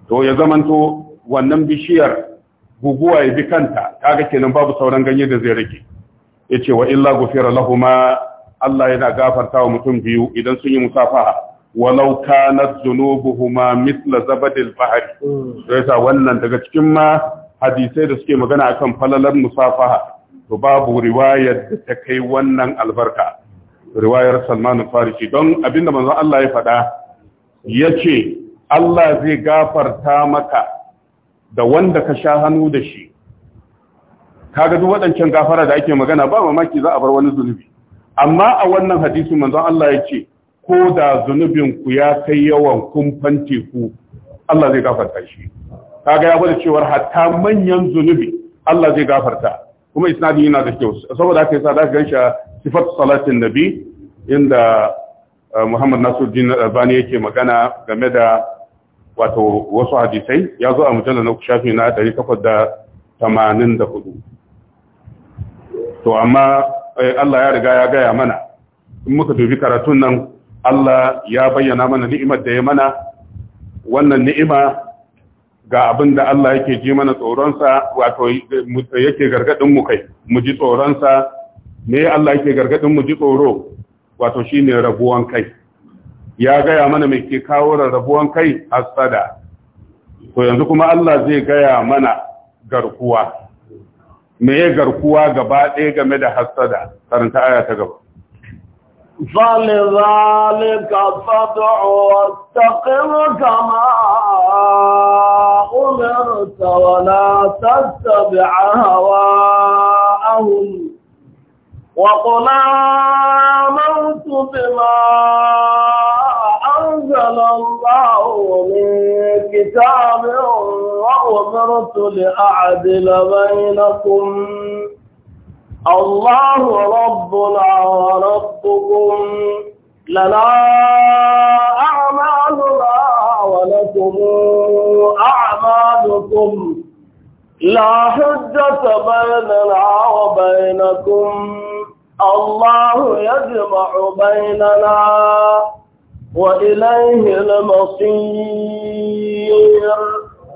to ya zamanto wannan bishiyar guguwa ya bi kanta kaga kenan babu sauran ganye da zai rage yace wa illa gufira lahumma Allah yana gafarta wa mutum biyu idan sun yi musafaha walau kanat zunubuhuma mithla zabadil bahri hmm. sai sa wannan daga cikin ma hadisai da suke magana akan falalar musafaha to babu riwayar da ta kai wannan albarka riwayar Salman Farisi don abinda manzon Allah ya faɗa yace Allah zai gafarta maka da wanda ka sha hannu da shi kaga duk waɗancan gafara da ake magana ba mamaki za a bar wani zunubi amma a wannan hadisi manzon Allah ya ce ko da zunubin ku ya kai yawan kumfan ku? Allah zai gafarta shi kaga ya gwada cewa hatta manyan zunubi Allah zai gafarta kuma isnadi yana da kyau saboda haka yasa zaka ganshi sifat salatin nabi inda eh, Muhammad Nasiruddin Albani yake magana game da wato wasu hadisai ya zo a mujalla na shafi na 884 to amma Eh, Allah ya riga ya gaya mana in muka dubi karatun nan Allah ya bayyana mana ni'imar da ya mana wannan ni'ima ga abinda da Allah yake ji mana tsoronsa wato yake gargadin mu kai mu ji tsoronsa me Allah yake gargadin mu ji tsoro wato shine rabuwan kai ya gaya mana me ke kawo rabuwan kai Asada, to yanzu kuma Allah zai gaya mana garkuwa me ya garkuwa gaba ɗaya game da hasada karanta aya ta gaba فلذلك فادع واستقم كما أمرت ولا تتبع هواءهم وقل آمنت بما أنزل الله من كتاب أمرت لأعدل بينكم الله ربنا وربكم لنا أعمالنا ولكم أعمالكم لا حجة بيننا وبينكم الله يجمع بيننا وإليه المصير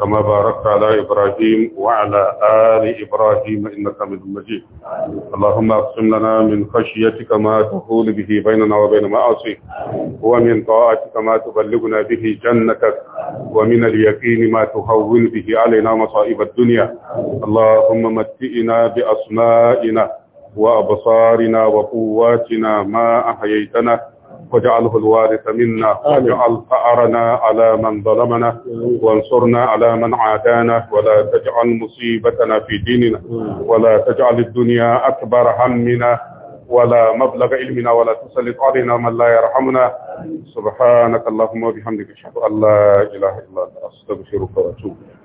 كما باركت على إبراهيم وعلى آل إبراهيم إنك حميد مجيد اللهم اقسم لنا من خشيتك ما تحول به بيننا وبين معاصيك ومن طاعتك ما تبلغنا به جنتك ومن اليقين ما تهون به علينا مصائب الدنيا اللهم متئنا بأسمائنا وأبصارنا وقواتنا ما أحييتنا واجعله الوارث منا واجعل ثأرنا على من ظلمنا وانصرنا على من عادانا ولا تجعل مصيبتنا في ديننا ولا تجعل الدنيا أكبر همنا ولا مبلغ علمنا ولا تسلط علينا من لا يرحمنا سبحانك اللهم وبحمدك اشهد ان لا اله الا انت استغفرك واتوب اليك